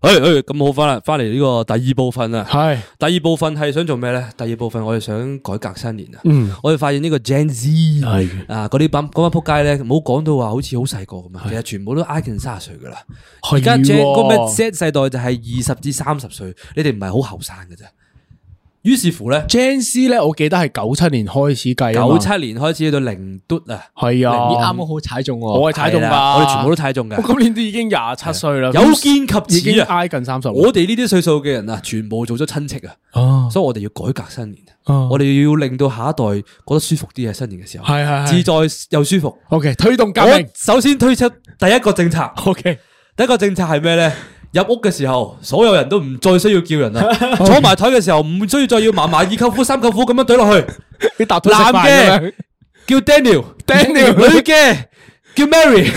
誒誒，咁好翻啦，翻嚟呢個第二部分啊，係是第二部分係想做咩咧？第二部分我哋想改革新年啊，嗯，我哋發現呢個 Gen Z 的啊，嗰啲班嗰班仆街咧，唔好講到話好似好細個咁啊，的其實全部都挨近卅歲噶啦，而家的 Gen 嗰咩 Z 世代就係二十至三十歲，你哋唔係好後生噶咋？於是乎咧，Gen Z 咧，我記得係九七年開始計，九七年開始到零嘟。o 啊，係啊，啱好踩中，我係踩中噶，我哋全部都踩中嘅。我今年都已經廿七歲啦，有見及此，挨近三十。我哋呢啲歲數嘅人啊，全部做咗親戚啊，所以我哋要改革新年，我哋要令到下一代覺得舒服啲嘅新年嘅時候，係係自在又舒服。O K，推動革命，首先推出第一個政策。O K，第一個政策係咩咧？入屋嘅時候，所有人都唔再需要叫人啦。坐埋台嘅時候，唔需要再要嫲嫲二舅父三舅父咁樣懟落去。男嘅叫 Daniel，Daniel 女嘅叫 Mary。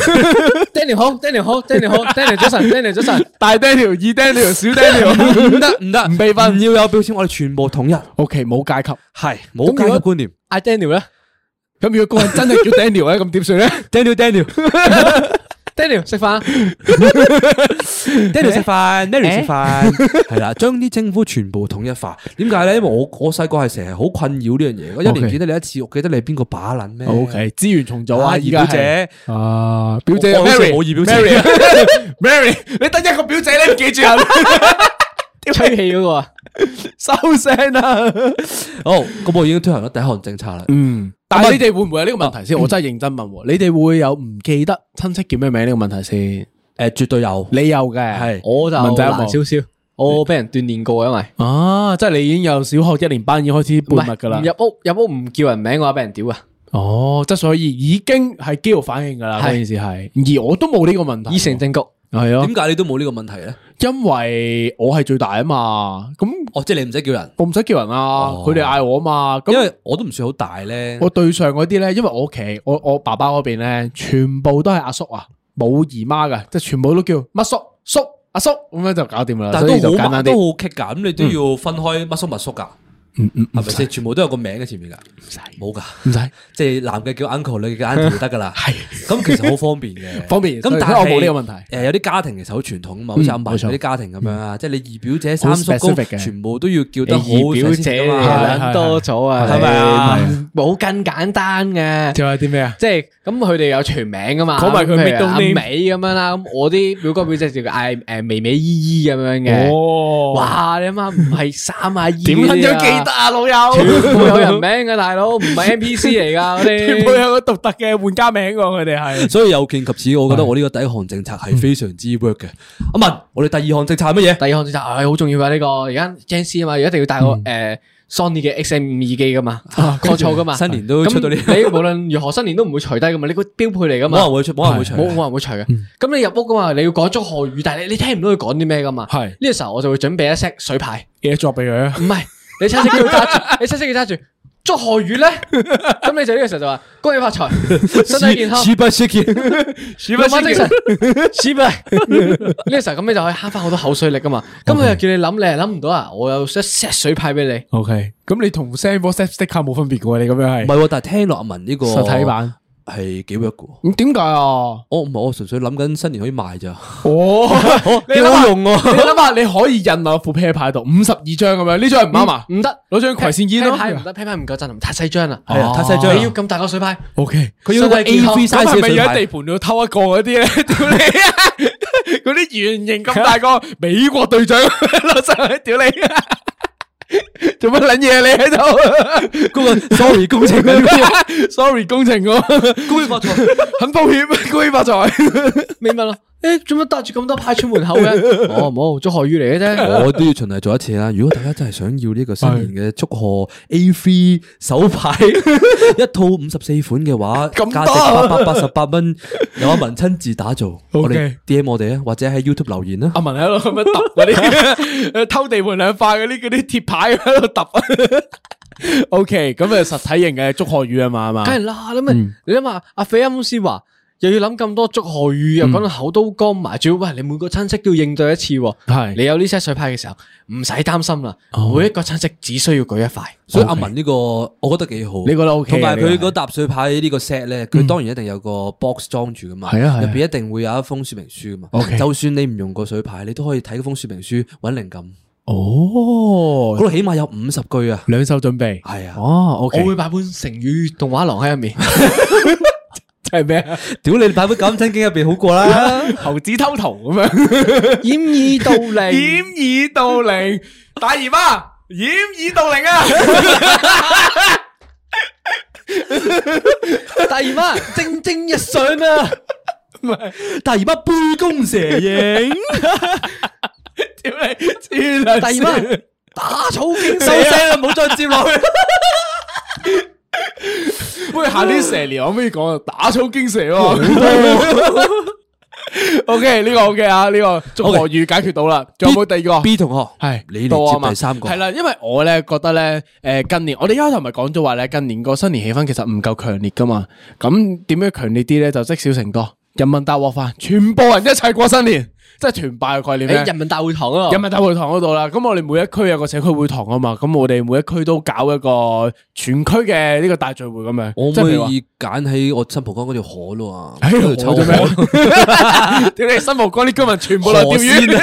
Daniel 好，Daniel 好，Daniel 好，Daniel 早晨，Daniel 早晨。大 Daniel、二 Daniel、小 Daniel，唔得唔得，唔畀分，要有標籤，我哋全部統一。OK，冇階級，係冇階級觀念。嗌 Daniel 咧，咁如果個人真係叫 Daniel 咧，咁點算咧？Daniel，Daniel。Daddy 食飯 Daddy 食飯，Mary 食飯，係啦，將啲稱呼全部統一化。點解咧？因為我我細個係成日好困擾呢樣嘢，我一年見得你一次，我記得你係邊個把捻咩？O K，資源重組啊，二表姐啊，表姐好唔好？二表姐，Mary，你得一個表姐，你要記住啊。吹氣嗰個，收聲啦！好，咁我已經推行咗第一項政策啦。嗯，但係你哋會唔會有呢個問題先？我真係認真問，你哋會有唔記得親戚叫咩名呢個問題先？誒，絕對有，你有嘅，係我就難少少。我俾人鍛煉過，因為啊，即係你已經有小學一年班已經開始背物噶啦。入屋入屋唔叫人名嘅話，俾人屌啊！哦，即係所以已經係肌肉反應噶啦，呢件事係。而我都冇呢個問題，已成定局。係啊，點解你都冇呢個問題咧？因為我係最大啊嘛，咁我即係你唔使叫人，我唔使叫人啊，佢哋嗌我啊嘛，因為我都唔算好大咧。我對上嗰啲咧，因為我屋企，我我爸爸嗰邊咧，全部都係阿叔啊，冇姨媽噶，即係全部都叫乜叔叔，叔阿叔，咁樣就搞掂啦。但係都好簡單都好棘噶，咁、嗯、你都要分開乜叔乜叔噶。係咪即全部都有個名喺前面噶？唔使，冇噶，唔使。即係男嘅叫 uncle，女嘅嗌 auntie 就得噶啦。係，咁其實好方便嘅，方便。咁但係我冇呢個問題。誒，有啲家庭其實好傳統，咁啊，好似阿嫲嗰啲家庭咁樣啊，即係你二表姐、三叔公全部都要叫得好表姐嘛。多咗啊，係咪啊？冇咁簡單嘅。仲有啲咩啊？即係咁佢哋有全名噶嘛？講埋佢阿尾咁樣啦。咁我啲表哥表姐就嗌誒，微微姨姨咁樣嘅。哦，哇！你阿媽唔係三啊姨。得啊，老友，全部有人名嘅大佬，唔係 NPC 嚟噶，全部有獨特嘅玩家名噶，佢哋係。所以有見及此，我覺得我呢個第一項政策係非常之 work 嘅。阿文，我哋第二項政策係乜嘢？第二項政策，唉，好重要噶呢個，而家 JNC 啊嘛，一定要戴個誒 Sony 嘅 XM5 耳機噶嘛，錯噶嘛，新年都出到，你無論如何，新年都唔會除低噶嘛，你個標配嚟噶嘛。可能會出，冇人會除，冇冇人會除嘅。咁你入屋噶嘛，你要講祝賀語，但係你聽唔到佢講啲咩噶嘛。係。呢個時候我就會準備一 set 水牌記得作俾佢。唔係。你七色叫揸住，你七色叫揸住，祝賀語呢。咁你就呢個時候就話恭喜發財，身體健康，事不相健，事不精神，事不呢個時候，咁你就可以慳翻好多口水力噶嘛。咁佢又叫你諗，你又諗唔到啊！我有 set 水派畀你，OK。咁你同 set 波 set sticker 冇分別噶喎，你咁樣係唔係？但係聽落阿文呢個實體版。係幾好一個？咁點解啊？我唔係我純粹諗緊新年可以賣咋。哦，你好用啊？我諗下你可以印啊副 pair 牌度，五十二張咁樣。呢張係唔啱啊，唔得，攞張葵扇煙啦。pair 牌唔得，pair 牌唔夠震撼，太細張啦。係啊，太細張。你要咁大個水牌？O K。佢要 A 咪喺地盤度偷一個啲咧？屌你啊！啲圓形咁大個美國隊長攞上去，屌你！做乜撚嘢你喺度？嗰個 sorry 工程，sorry 工程，恭喜發財，很抱歉，恭喜發財，明白了。誒，做乜搭住咁多牌出門口嘅？哦，冇，祝賀語嚟嘅啫。我都要循例做一次啦。如果大家真係想要呢個新年嘅祝賀 A3 手牌，的一套五十四款嘅話，價值八百八十八蚊，由阿文親自打造。Okay. 我哋 DM 我哋啊，或者喺 YouTube 留言啦。阿文喺度咁樣揼嗰啲偷地盤兩塊嗰啲嗰啲鐵牌喺度揼。OK，咁啊，實體型嘅祝賀語啊嘛，係嘛？梗係啦，嗯、你諗下，你諗下，阿肥啱先話。又要諗咁多祝賀語，又講到口都乾埋，仲要喂你每個親戚都要應對一次。係，你有呢 set 水牌嘅時候，唔使擔心啦。每一個親戚只需要舉一塊，所以阿文呢個我覺得幾好。你覺得 O K？同埋佢嗰沓水牌呢個 set 咧，佢當然一定有個 box 裝住噶嘛。係啊係啊，入邊一定會有一封說明書噶嘛。就算你唔用過水牌，你都可以睇封說明書搵靈感。哦，嗰度起碼有五十句啊，兩手準備。係啊，哦，O K，我會擺本成語動畫廊喺入面。係咩啊？屌你！擺喺《鑑真經》入邊好過啦，猴子偷桃咁樣，掩耳盜鈴，掩耳盜鈴，大姨媽，掩耳盜鈴啊！大姨媽，蒸蒸日上啊！唔係，大姨媽杯弓蛇影，屌你！大姨媽打草驚蛇收聲啦，唔好再接落去。喂，下年蛇年可唔可以講打草驚蛇？O K，呢個 O K 啊，呢個祝福語解決到啦，仲 Okay, 有冇第二個 B,？B 同學係，唉你來到啊第三個係啦。因為我咧覺得咧，誒、呃，近年我哋一頭咪講咗話咧，近年個新年氣氛，其實唔夠強烈噶嘛。咁點樣強烈啲咧？就積少成多，人民大鍋飯，全部人一齊過新年。即係團拜嘅概念，誒，人民大會堂啊，人民大會堂嗰度啦。咁我哋每一區有一個社區會堂啊嘛，咁我哋每一區都搞一個全區嘅呢個大聚會咁樣。我唔可以揀喺我新蒲崗嗰條河咯。啊、哎喲。喺條臭河，屌你 [LAUGHS] [LAUGHS] 新蒲崗啲居民全部嚟釣魚，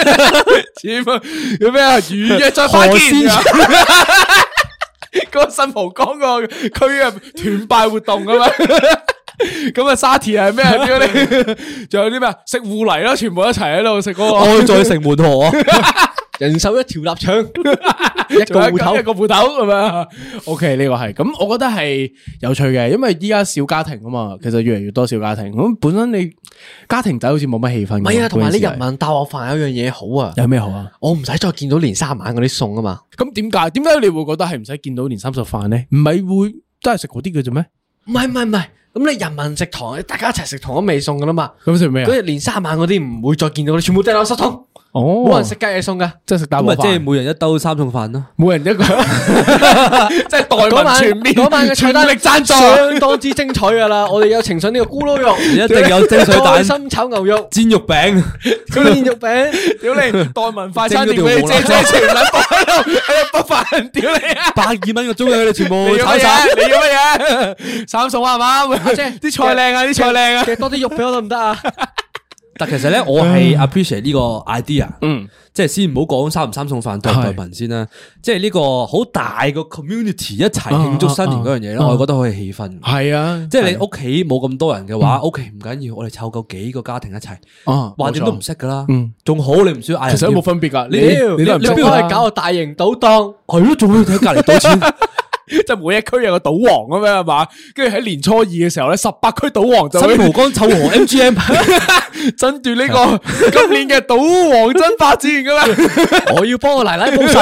點啊先？叫咩啊？魚約再拍片啊！嗰個先 [LAUGHS] [LAUGHS] 新蒲崗個區啊，團拜活動啊嘛。 [LAUGHS] 咁啊，沙田係咩？仲有啲咩？食芋泥咯。全部一齊喺度食，我再食門河，人手一條臘腸，一個芋頭，一個芋頭咁樣。O K，呢個係咁，我覺得係有趣嘅，因為依家小家庭啊嘛，其實越嚟越多小家庭。咁本身你家庭仔好似冇乜氣氛，唔係啊。同埋你人民大鍋飯有樣嘢好啊，有咩好啊？我唔使再見到年三十晚嗰啲餸啊嘛。咁點解？點解你會覺得係唔使見到年三十飯呢？唔係會都係食嗰啲嘅啫咩？唔係唔係唔係。咁你人民食堂，大家一齊食堂都未餸㗎啦嘛？咁食咩啊？嗰日年三十晚嗰啲唔會再見到，全部掟落垃圾桶。哦，冇人食雞嘢送噶，即係食蛋飯，即係每人一兜三送飯咯，每人一個，即係代文全面全力贊助，相當之精彩噶啦。我哋有呈上呢個咕嚕肉，一定有蒸水蛋、生炒牛肉、煎肉餅、煎肉餅，屌你，代文快餐店嘅借借錢喺度，喺度不凡，屌你，百二蚊個租嘅，你全部炒晒，你要乜嘢？三送啊，係嘛，即係啲菜靚啊，啲菜靚啊，多啲肉俾我得唔得啊？但其實咧，我係 appreciate 呢個 idea，即係先唔好講三唔三送飯對唔對文先啦，即係呢個好大個 community 一齊慶祝新年嗰樣嘢啦，我覺得可以氣氛。係啊，即係你屋企冇咁多人嘅話，OK 唔緊要，我哋湊夠幾個家庭一齊，或者都唔識噶啦，仲好你唔需要嗌人。其實冇分別噶，你你你邊可以搞個大型賭檔？係咯，仲可以睇隔籬賭錢。即係每一區有一個賭王咁樣係嘛？跟住喺年初二嘅時候咧，十八區賭王就喺湖江臭河 MGM 爭奪呢個今年嘅賭王爭霸戰噶啦，我要幫我奶奶報仇。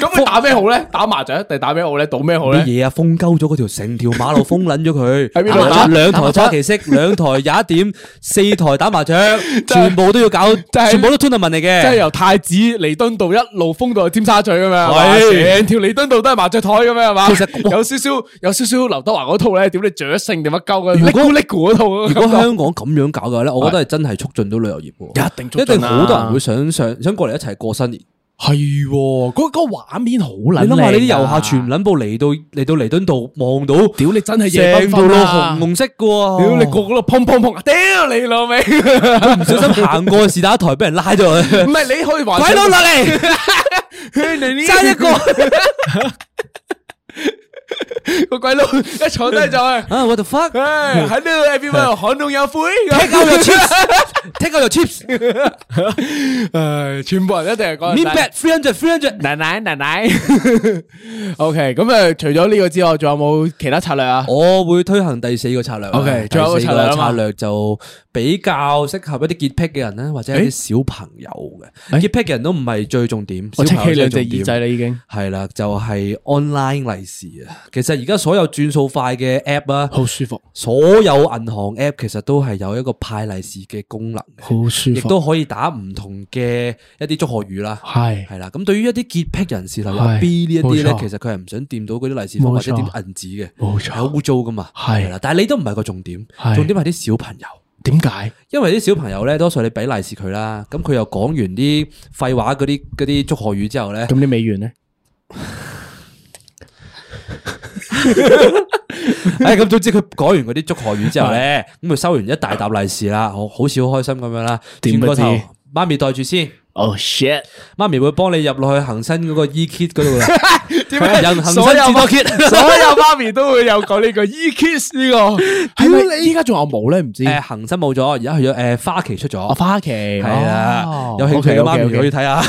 咁佢打咩好咧？打麻雀定打咩好咧？賭咩好咧？嘢啊，封鳩咗嗰條成條馬路，封捻咗佢。係邊度打兩台叉旗式；兩台廿一點，四台打麻雀，全部都要搞，全部都 turn up 嚟嘅。即係由太子彌敦道一路封到去尖沙咀噶喂，係。條彌敦道都係麻雀台噶咩？係嘛？其實有少少有少少劉德華嗰套咧，點你掌聲點乜鳩嘅？果古叻古嗰套。如果香港咁樣搞嘅咧，我覺得係真係促進咗旅遊業。一定促進啊！一定好多人會想上，想過嚟一齊過新年。係，嗰、那個畫面好靚。你諗下，你啲遊客全揦布嚟到嚟到彌敦道，望到，屌你真係夜到瞓啦，紅紅色嘅，屌你個個都砰砰砰，屌你老味，唔小 [LAUGHS] 心行過時打 [LAUGHS] 一台，俾人拉咗去。唔係你可以話，鬼佬落嚟，真一個。個鬼佬，一坐低就啊我 h a 喺呢度 What the fuck？Hello everyone，take out your chips，唉，全部人一定係講。New best friend，friend 奶奶奶奶。OK，咁啊，除咗呢個之外，仲有冇其他策略啊？我會推行第四個策略。OK，仲有個策略，策略就比較適合一啲潔癖嘅人咧，或者一啲小朋友嘅潔癖嘅人都唔係最重點。我聽起兩隻耳仔啦，已經係啦，就係 online 利是啊。其實而家所有轉數快嘅 app 啊，好舒服。所有銀行 app 其實都係有一個派利是嘅功能，好舒服，亦都可以打唔同嘅一啲祝賀語啦。係係啦，咁對於一啲潔癖人士，例如 B 呢一啲咧,其實佢係唔想掂到嗰啲利是封或者啲銀紙嘅，冇錯，好污糟噶嘛。係啦，但係你都唔係個重點，重點係啲小朋友。點解？因為啲小朋友咧，多數你俾利是佢啦，咁佢又講完啲廢話嗰啲啲祝賀語之後咧，咁啲美元咧？哎，咁總之佢改完嗰啲祝賀語之後咧，咁佢收完一大沓利是啦，好好似好開心咁樣啦。轉個頭，媽咪袋住先。Oh shit！媽咪會幫你入落去恒生嗰個 E Kid 嗰度啊。所有所有媽咪都會有講呢個 E Kids 呢個。點解你依家仲話冇咧？唔知。誒，恒生冇咗，而家去咗誒花旗出咗。花旗係啊，有興趣嘅媽咪可以睇下。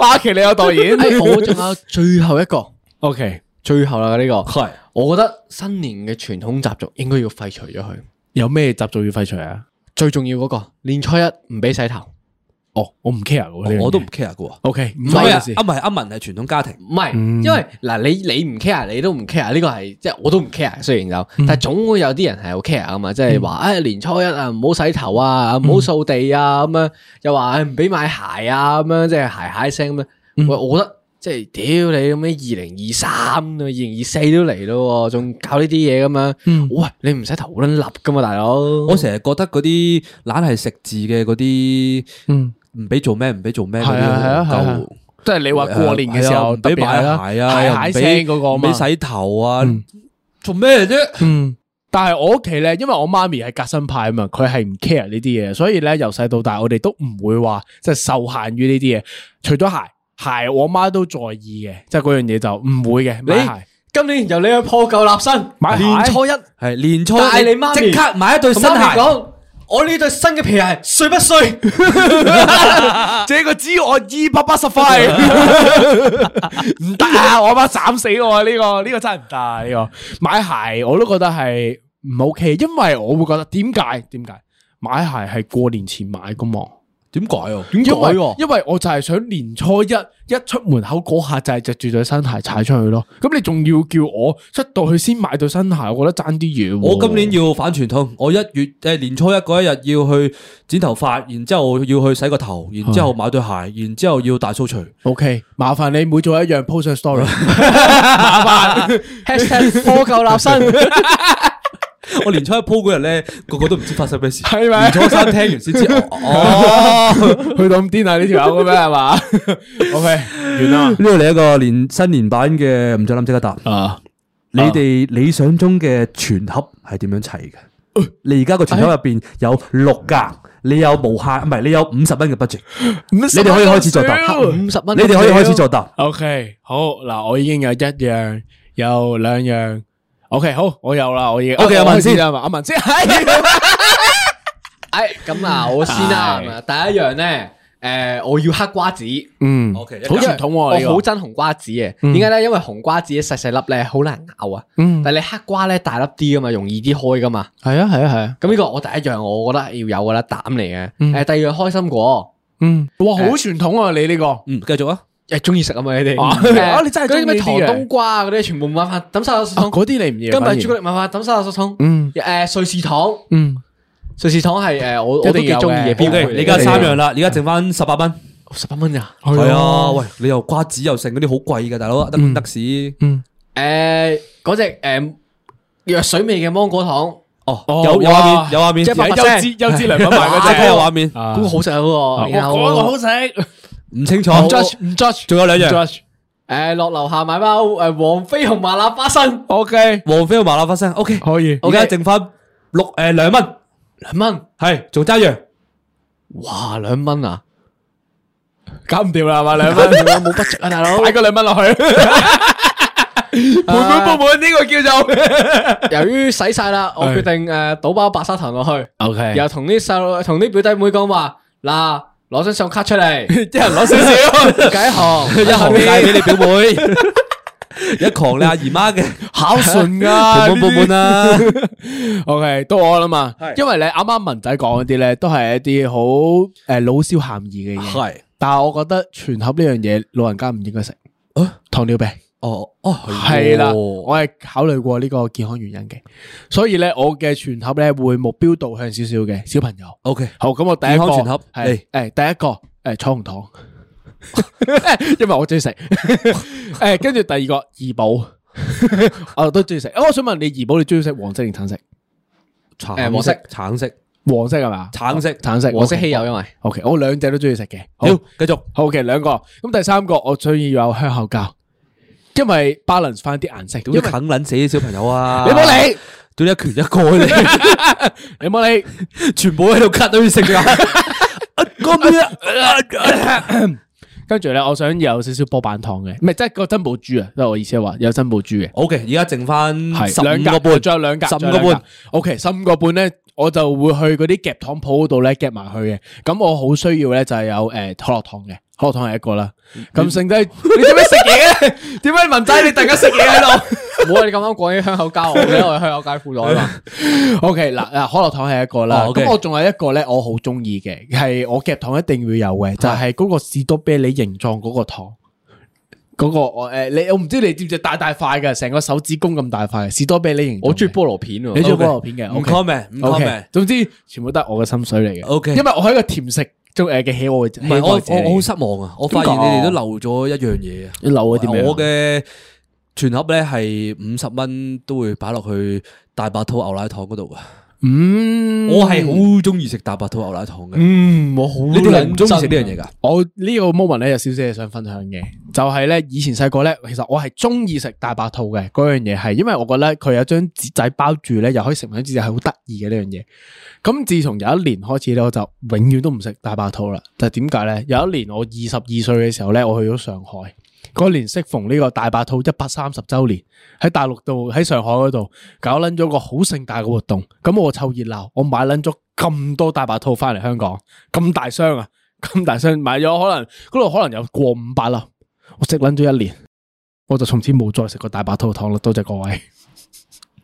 花旗你有代言，好啊。仲有最後一個。O K。最後啦呢、這個，係對我覺得新年嘅傳統習俗應該要廢除咗佢。有咩習俗要廢除啊？最重要嗰，那個，年初一唔俾洗頭。哦，我唔 care 嘅，我都唔 care 嘅。O K，唔係啊阿文係傳統家庭，唔係因為嗱，呃、你你唔 care 你都唔 care 呢個係即係我都唔 care，雖然有，但係總會有啲人係好 care 啊嘛。即係話啊年初一啊唔好洗頭啊，唔好掃地啊咁樣，又話唔俾買鞋啊咁樣，即係鞋鞋聲咁樣，我我覺得。即係屌你咁咩？二零二三啊，二零二四都嚟咯，仲搞呢啲嘢咁樣？喂，你唔使頭捻笠噶嘛，大佬？我成日覺得嗰啲懶係食字嘅嗰啲，唔俾做咩，唔俾做咩嗰啲好戇鳩。即係你話過年嘅時候，唔俾買鞋啊，又唔俾唔俾洗頭啊，做咩啫？但係我屋企咧，因為我媽咪係革新派啊嘛，佢係唔 care 呢啲嘢，所以咧由細到大，我哋都唔會話即係受限於呢啲嘢，除咗鞋。鞋我媽都在意嘅，即係嗰樣嘢就唔、是、會嘅。鞋你今年由你去破舊立新，買鞋年初一係年初帶你媽即刻買一對新鞋。 [LAUGHS] 我呢對新嘅皮鞋碎不碎？呢個只要我二百八十塊，唔得啊！我媽斬死我，呢個呢個真係唔得。呢、呢個買鞋我都覺得係唔 ok，因為我會覺得點解點解買鞋係過年前買㗎嘛？點解？因為因為我就係想年初一一出門口嗰下就係着住對新鞋踩出去咯。咁你仲要叫我出到去先買對新鞋，我覺得爭啲嘢。我今年要反傳統，我一月誒年初一嗰一日要去剪頭髮，然之後要去洗個頭，然之後買對鞋，然之後要大掃除。 [LAUGHS] OK，麻煩你每做一樣 post 個 story。麻煩 Hashtag 破舊立新。我年初一鋪嗰日咧，個個都唔知發生咩事。年初三聽完先知。哦，去到咁癲啊！呢條友咁咩係嘛？OK，完啦。呢度嚟一個年新年版嘅唔再諗即刻答。啊，你哋理想中嘅全盒係點樣砌嘅？你而家個全盒入邊有六格，你有無限唔係，你有五十蚊嘅 budget。五十，你哋可以開始作答。五十蚊，你哋可以開始作答。OK，好嗱，我已經有一樣，有兩樣。OK，好，我有啦，我要。OK 阿文先係嘛，阿文先係，哎，咁啊，我先啦，第一樣咧，誒，我要黑瓜子，嗯，OK，好傳統喎，我好憎紅瓜子嘅，點解咧？因為紅瓜子細細粒咧，好難咬啊，嗯，但你黑瓜咧大粒啲吖嘛，容易啲開噶嘛，係啊，係啊，係啊，咁呢個我第一樣，我覺得要有噶啦，膽嚟嘅，誒，第二樣開心果，嗯，哇，好傳統啊，你呢個，嗯，繼續啊。誒，中意食啊嘛，你哋啊，你真係中意咩？糖冬瓜嗰啲全部買翻，抌晒落垃圾桶。嗰啲你唔要。金幣朱古力買翻，抌晒落垃圾桶。嗯，誒，瑞士糖，嗯，瑞士糖係誒，我我哋幾中意嘅。你而家三樣啦，而家剩翻十八蚊，十八蚊咋？係啊，喂，你又瓜子又剩，嗰啲好貴嘅，大佬，得唔得屎？誒，嗰隻誒藥水味嘅芒果糖，哦，有畫面，有畫面，睇周知優之良品賣嘅，即係睇畫面，嗰個好食啊，嗰個好食。唔清楚，唔 judge，唔 judge，仲有兩樣，誒落樓下買包誒黃飛紅麻辣花生，OK，黃飛紅麻辣花生，OK，可以，而家剩返六誒兩蚊，兩蚊係，仲爭樣，哇兩蚊啊，搞唔掂啦，哇兩蚊，冇不足啊大佬，買個兩蚊落去，盆滿缽滿呢個叫做，由於使晒啦，我決定誒倒包白砂糖落去，OK，又同啲細路，同啲表弟妹講話嗱。攞張信用卡出嚟，一人攞少少，一行，一行介俾你表妹，一行你阿姨媽嘅，孝順啊，本本本本啦，OK，到我啦嘛？係，因為你啱啱文仔講嗰啲咧，都係一啲好誒老少咸宜嘅嘢，係，但係我覺得全盒呢樣嘢，老人家唔應該食，啊，糖尿病。哦哦，係啦，我係考慮過呢個健康原因嘅，所以咧我嘅全盒咧會目標導向少少嘅小朋友。O K，好，咁我第一個全盒係誒第一個誒彩虹糖，因為我中意食誒。跟住第二個怡寶，我都中意食。我想問你怡寶你中意食黃色定橙色？誒黃色橙色，黃色係嘛？橙色，橙色，黃色稀有因為 O K，我兩隻都中意食嘅。好，繼續，OK，兩個咁第三個我中意有香口膠。因為 balance 翻啲顏色，為要啃捻死啲小朋友啊！你冇理，對一拳一個你冇理，全部喺度 cut 都要食啊！跟住咧，我想有少少波板糖嘅，唔係即係個珍寶珠啊，即係我意思係話有珍寶珠嘅。O K，而家剩翻十五個半，仲有兩個半，十五個半。O K，十五個半咧，我就會去嗰啲夾糖鋪嗰度咧夾埋去嘅。咁我好需要咧就係有誒可樂糖嘅。可樂糖係一個啦，咁剩低你點解食嘢咧？點解文仔你突然間食嘢喺度？唔好你咁樣講起香口膠，因為我香口膠附咗啦。O K 嗱，嗱可樂糖係一個啦，咁我仲有一個咧，我好中意嘅係我夾糖一定會有嘅，就係嗰個士多啤梨形狀嗰個糖，嗰個我誒，你我唔知你知唔知大大塊嘅，成個手指公咁大塊士多啤梨形，我中意菠蘿片，你中意菠蘿片嘅，no comment，no comment，總之全部都係我嘅心水嚟嘅。O K，因為我係一個甜食。中嘅喜愛，唔係我我好失望啊！我發現你哋都漏咗一樣嘢啊！漏咗啲咩？我嘅全盒咧係五十蚊都會擺落去大白兔牛奶糖嗰度啊！嗯，我係好中意食大白兔牛奶糖嘅。嗯，我好你我個人中意食呢樣嘢噶。我呢個 moment 咧有少少嘢想分享嘅，就係咧以前細個咧，其實我係中意食大白兔嘅嗰樣嘢，係因為我覺得佢有張紙仔包住咧，又可以食埋張紙係好得意嘅呢樣嘢。咁自從有一年開始咧，我就永遠都唔食大白兔啦。但係點解咧？有一年我二十二歲嘅時候咧，我去咗上海。嗰年適逢呢個大白兔一百三十周年，喺大陸度喺上海嗰度搞撚咗個好盛大嘅活動，咁我湊熱鬧，我買撚咗咁多大白兔翻嚟香港，咁大箱啊，咁大箱買咗，可能嗰度可能有過五百粒，我食撚咗一年，我就從此冇再食過大白兔糖啦，多謝各位。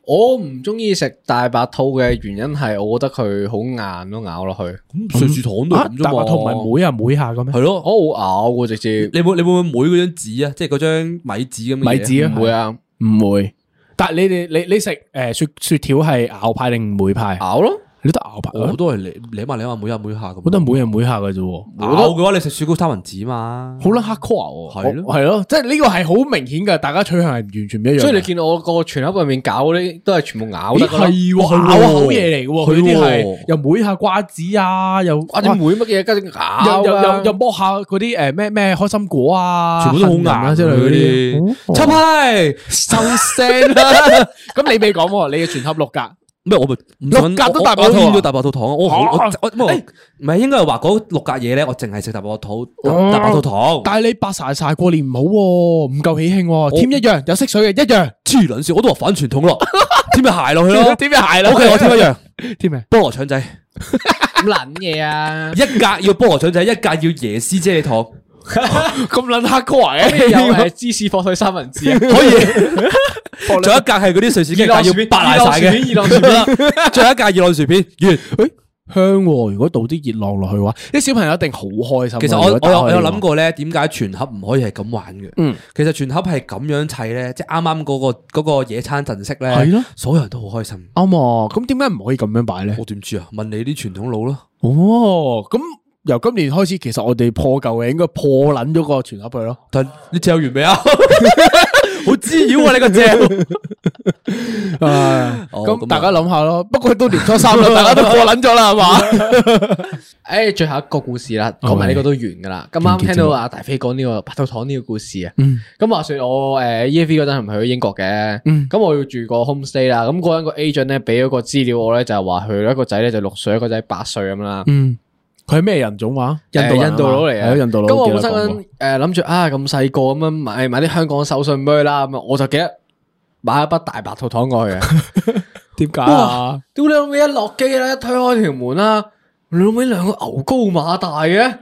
我唔中意食大白兔嘅原因係，我覺得佢好硬咯，咬落去咁瑞士糖都係咁啫、啊、大白兔唔係梅啊梅下嘅咩？係咯，我咬嘅直接。你，你會你會唔會梅嗰張紙啊？即係嗰張米紙咁。米紙啊，唔會啊，唔會。但係你哋你你食誒、呃、雪雪條係咬派定唔梅派？咬咯。.你得咬排，我都係你你話你話每日每下咁，都係每日每下嘅啫。咬嘅話，你食雪糕三文治嘛，好卵黑 core，係咯係咯，即係呢個係好明顯嘅，大家取向係完全唔一樣。所以你見到我個全盒入面搞嗰啲，都係全部咬，係咬口嘢嚟嘅，佢啲係又每下瓜子啊，又或者每乜嘢，加咬又又又剝下嗰啲誒咩咩開心果啊，全部都好硬啊之類嗰啲，拆開收聲啦。咁你未講，你嘅全盒六格。咩？我咪六格都大白兔，大白兔糖。我我我，唔係應該係話嗰六格嘢咧，我淨係食大白兔，大白兔糖。但係你白晒晒過年唔好，唔夠喜慶。添一樣有色水嘅一樣，黐卵線，我都話反傳統咯。添咩鞋落去咯？添咩鞋落？OK，我添一樣，添咩？菠蘿腸仔，咁卵嘢啊！一格要菠蘿腸仔，一格要椰絲啫喱糖。咁卵黑怪嘅，又係芝士火腿三文治，可以。仲有一格係嗰啲瑞士雞塊，要扒爛晒嘅熱浪薯片，熱浪薯片，最後一格熱浪薯片，完。誒，香喎。如果倒啲熱浪落去嘅話，啲小朋友一定好開心。其實我我有我有諗過咧，點解全盒唔可以係咁玩嘅？嗯，其實全盒係咁樣砌咧，即係啱啱嗰個嗰個野餐陣式咧，係咯，所有人都好開心。啱啊，咁點解唔可以咁樣擺咧？我點知啊？問你啲傳統佬咯。哦，咁。由今年開始，其實我哋破舊嘅應該破捻咗個全盒去咯。但你借完未啊？好滋擾啊！你個借咁，大家諗下咯。不過都年初三啦，大家都破捻咗啦，係嘛？誒，最後一個故事啦，講埋呢個都完噶啦。咁啱聽到阿大飛講呢個白兔糖呢個故事啊。咁話說我誒 E V 嗰陣係唔係去英國嘅？咁我要住過 home stay 啦。咁嗰陣個 agent 咧俾咗個資料我咧，就係話佢一個仔咧就六歲，一個仔八歲咁啦。嗯。佢係咩人種話？印度佬嚟、嗯呃、啊！印度佬。咁我本身誒諗住啊咁細個咁樣買買啲香港手信俾佢啦，咁啊我就記得買一筆大白兔糖過佢。點解 [LAUGHS] 麼？屌你老味一落機啦，一推開條門啦，你老味兩個牛高馬大嘅，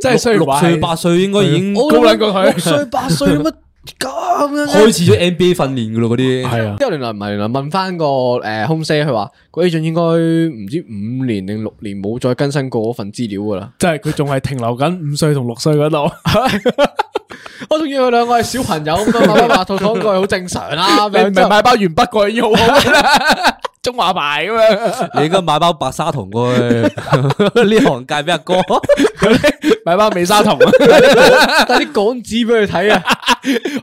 真係衰，要六歲八歲應該已經高過佢。六歲八歲乜？ [LAUGHS] 咁樣開始咗 NBA 訓練噶咯，嗰啲係啊，因為原來唔係原來，問翻個誒，空西佢話，古天俊應該唔知五年定六年冇再更新過嗰份資料噶啦，即係佢仲係停留緊五歲同六歲嗰度， [LAUGHS] [LAUGHS] [LAUGHS] 我仲要佢兩個係小朋友咁樣畫圖講句好正常啦，啊， [LAUGHS] 你咪買包鉛筆過去好，好。 [LAUGHS] [LAUGHS] 中華牌咁樣，你而家買包白沙糖過去呢 [LAUGHS] [LAUGHS] 行界俾阿哥， [LAUGHS] 買包美沙糖，帶 [LAUGHS] 啲港紙俾佢睇啊，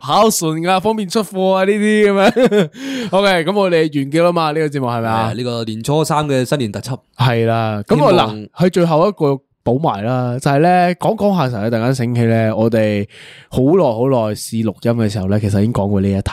孝順噶，方便出貨啊，呢啲咁樣。 [LAUGHS] OK，咁我哋完結啦嘛，呢、這個節目係咪啊？呢、嗯這個年初三嘅新年特輯，係啦。咁希望 我嗱，去最後一個補埋啦，就係咧講講下很久很久時候突然間醒起咧，我哋好耐好耐試錄音嘅時候咧，其實已經講過呢一題。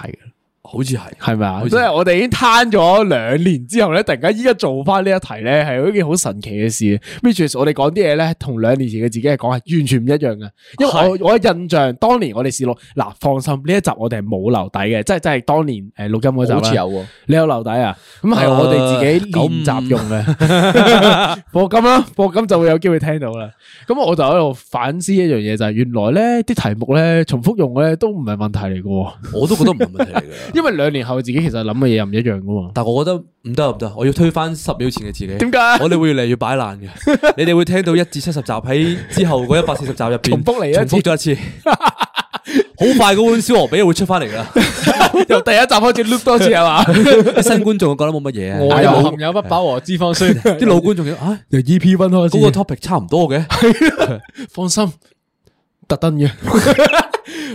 好似係，係咪啊？所以我哋已經攤咗兩年之後咧，突然間依家做翻呢一題咧，係一件好神奇嘅事。which is 我哋講啲嘢咧，同兩年前嘅自己係講係完全唔一樣嘅。因為我是我，我印象當年我哋試錄，嗱、啊、放心呢一集我哋係冇留底嘅，即係即係當年誒、呃、錄音嗰集好似有喎。你有留底啊？咁係我哋自己九集用嘅課金啦，課金就會有機會聽到啦。咁我就喺度反思一樣嘢，就係、是、原來咧啲題目咧重複用咧都唔係問題嚟嘅。我都覺得唔係問題嚟嘅。 [LAUGHS] 因為兩年後自己其實諗嘅嘢又唔一樣噶嘛，但係我覺得唔得唔得，我要推翻十秒前嘅自己。點解？我哋會越嚟越擺爛嘅，你哋會聽到一至七十集喺之後嗰一百四十集入邊重複嚟，重複咗一次。好快嗰碗燒鵝髀會出翻嚟噶，由第一集開始碌多次係嘛？新觀眾會覺得冇乜嘢，我有，含有不飽和脂肪酸。啲老觀眾要啊，由 E P 分開，嗰個 topic 差唔多嘅，放心，特登嘅。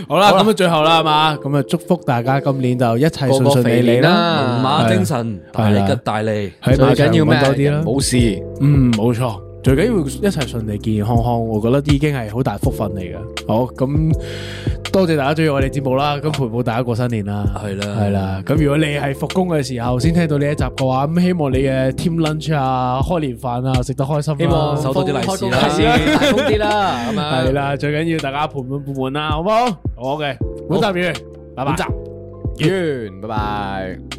好啦，咁啊，最後啦，係咪，咁啊，祝福大家今年就一切順順利利啦，龍馬精神，啊、大吉大利，最緊要搵多啲啦，冇事，嗯，冇錯。最緊要一齊順利健健康康，我覺得已經係好大福分嚟㗎。好，咁，多謝大家中意我哋節目啦，咁陪伴大家過新年啦，係啦，係啦。咁如果你係復工嘅時候先聽到呢一集嘅話，咁希望你嘅 team lunch 啊、開年飯啊食得開心，希望收多啲利是啦，大功啲啦。咁啊，係啦，最緊要大家盤滿缽滿啦，好唔好？好嘅，本集完，拜拜。拜拜。